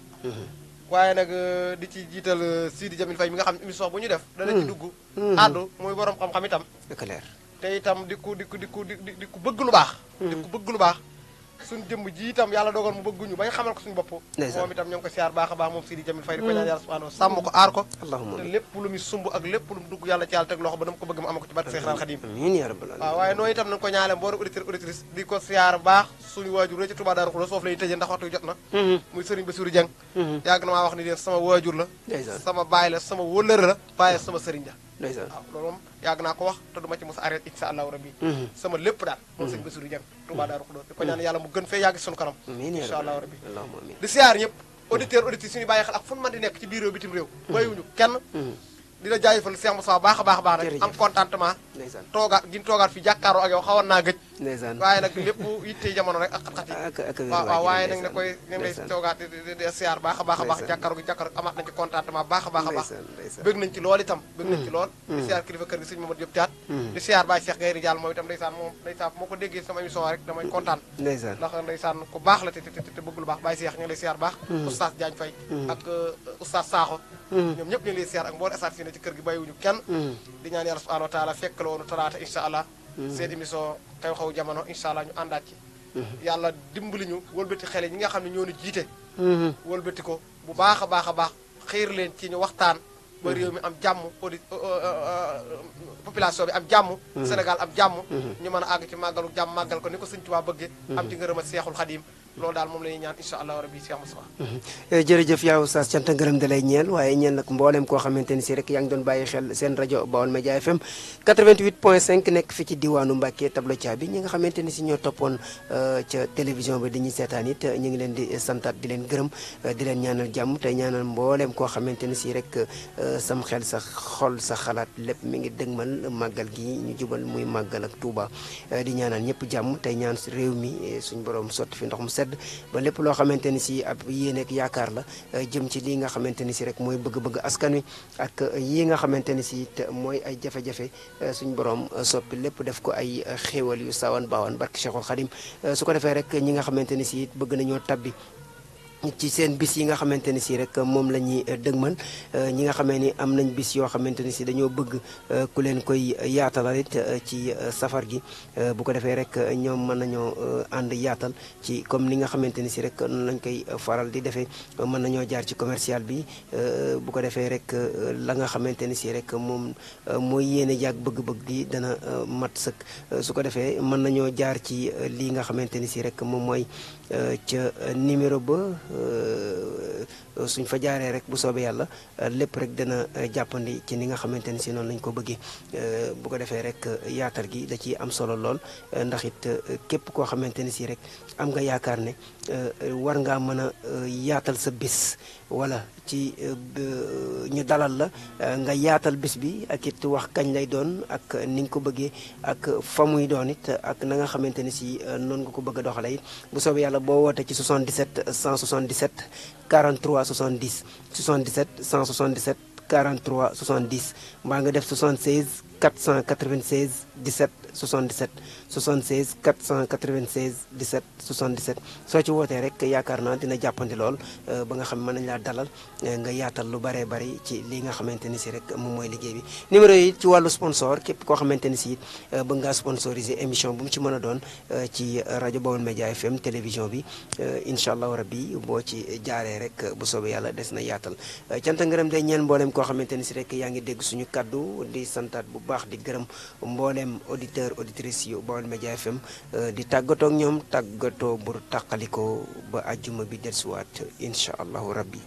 waaye nag euh, di ci jiital euh, Sidi Jamil Faye mi nga xam ne émission bu ñu def dana ci dugg àddu muy borom xam-xam itam te itam di ku di ku di ku di ku bëgg lu baax di ku bëgg lu baax suñu jëm ji itam yàlla dogal mu bëgguñu bañ xamal ko suñu bopp moom itam ñoo ko siyaar baax a baax moom Sidi Jamil Fay di ko mm. ñaale baax suñu waajur la mm-hmm. mm-hmm. sama waajur la sama baay la sama wëllëre la waaye sama sëriñ ndeysaan waaw ah, loolu moom yàgg naa ko wax te duma ci a arrêté incha allahu rabbi mhm. sama lépp daal moom mhm. sëñ Bassirou Dieng Touba mhm. Darou Khoudoss di ko ñaan yàlla mu gën fee yàgg suñu kanam allahu rabbi di siyaar ñëpp auditeur auditrice suñu bàyyi xel ak fu mën di nekk ci biir réew bitim réew bàyyiwuñu kenn dina jaajëfal Cheikh Moussa baax a baax baax nag am contentement ndeysaan toogaat gin toogaat fi jàkkaaroo ak yow xawoon naa gëj ndeysaan waaye nag lépp yitte jamono rek ak xat-xat yi waaw waaye nag ne koy ne ngay toogaat di siyaar baax a baax a baax jàkkaaroo gi jàkkaaroo amaat nañ ci contentement baax a baax a baax bëgg nañ ci lool itam bëgg nañ ci mm. lool di mm. siyaar kilifa kër gi sëñ Mamadou Diop Thiat mm. di siyaar Baye Cheikh Gaye Ridial moom itam ndeysaan moom ndeysaan moo ko déggee sama émission rek damay kontaan ndeysaan ndax ndeysaan ku baax la te te bëgg lu baax Baye Cheikh ñu ngi lay siyaar baax oustaz Diagne Faye ak euh, oustaz Sakho ñoom ñëpp ñu ngi lay siyaar ak mbool esaat si ne ci kër gi bàyyiwuñu kenn di ñaan yàlla subhanahu wa taala fekk woon talaata incha allah. Mm-hmm. seen émission xew-xew jamono incha allah ñu àndaat ci. Mm-hmm. yàlla dimbali ñu wëlbati xel ñi nga xam ne ñoo ñu jiite. Mm-hmm. wëlbati ko bu baax a baax a baax xiir leen ci ñu waxtaan. ba mi am jàmm audi euh, euh, euh, population bi am jàmm. Sénégal am jàmm. ñu man a àgg ci màggalu jàmm màggal ko ni ko Sëñ Tuubaa bëggee. am ci ngërëm Seexul Xadiim loolu daal moom la ñuy ñaan incha allahu rabi Cheikh Moustapha eh, jërëjëf yaa oustaz cant ak ngërëm da lay ñeel waaye ñeel nag mbooleem koo xamante ni si rek yaa ngi doon bàyyi xel seen rajo Baol Média FM 88 point 5 nekk fi ci diwaanu Mbàkke tablo Thia bi nga xamante ni si ñoo toppoon eh, ca télévision bi dañuy seetaan it eh, ñu ngi leen di santaat di leen gërëm di leen ñaanal jàmm tey ñaanal mbooleem koo xamante ni si rek sam xel sa xol sa xalaat lépp mi ngi dëgmal màggal gi ñu jubal muy màggal ak tuuba di ñaanal ñëpp jàmm tey ñaan réew mi suñ borom sotti fi ndox mu sedd ba lépp loo xamante ni si ab yéene ak yaakaar la euh, jëm ci lii nga xamante ni si rek mooy bëgg-bëgg askan wi ak euh, yii nga xamante ni si mooy ay jafe-jafe euh, suñ borom soppi lépp def ko ay xéewal yu sawan baawan barke Cheikhul Khadim su ko defee rek ñi nga xamante ni si bëgg nañoo tabbi ci seen bis yi nga xamante ne si rek moom la ñuy eh, dëgmal eh, ñi nga xamee ni am nañ bis yoo xamante ne si dañoo bëgg eh, ku leen koy yaatalal ci safar gi bu ko defee rek ñoom mën nañoo ànd yaatal ci comme ni nga xamante ni si rek noonu lañ koy faral di defee mën nañoo jaar ci commercial bi bu ko defee rek la nga xamante ni si rek moom mooy yéene jaag bëgg-bëgg dana mat sëkk su ko defee mën nañoo jaar ci lii nga xamante ni si rek moom mooy ca numéro ba euh, suñ fa jaaree rek bu soobee yàlla lépp rek dana jàppandi ci ni nga xamante ni si noonu lañ ko bëggee euh, bu ko defee rek yaatal gi da ciy am solo lool ndax it képp koo xamante ni si rek am nga yaakaar ne euh, war ngaa mën a euh, yaatal sa bis wala ci euh, ñu dalal la nga yaatal bis bi ak it wax kañ lay doon ak ni nga ko bëggee ak fa muy doon it ak na nga xamante ni si noonu nga ko bëgg a doxalee bu soobee yàlla boo wootee ci 77 177 43 70 77 177 43 70 mbaa nga def 76 496 17 77. 76 496 17 77 soo ci wootee rek yaakaar naa dina jàppandi lool euh, ba nga xam mën nañ laa dalal euh, nga yaatal lu baree bari ci li nga xamante ni si rek moom mooy liggéey bi numéro yi ci wàllu sponsor képp koo xamante ni si euh, bëgg ngaa sponsoriser émission bu mu ci mën a doon ci rajo Baol Média FM télévision bi incha allahu rabbi boo ci jaaree rek bu soobee yàlla des na yaatal canta ngërëm day ñeen mbooleem koo xamante ni si rek yaa ngi dégg suñu kàddu di santaat bu baax di gërëm mbooleem auditeur auditrice yu Baol Média FM di tàggatoo ñoom tàggatoo bu tàqalikoo ba àjjuma bi dellusiwaat incha allahu rabbi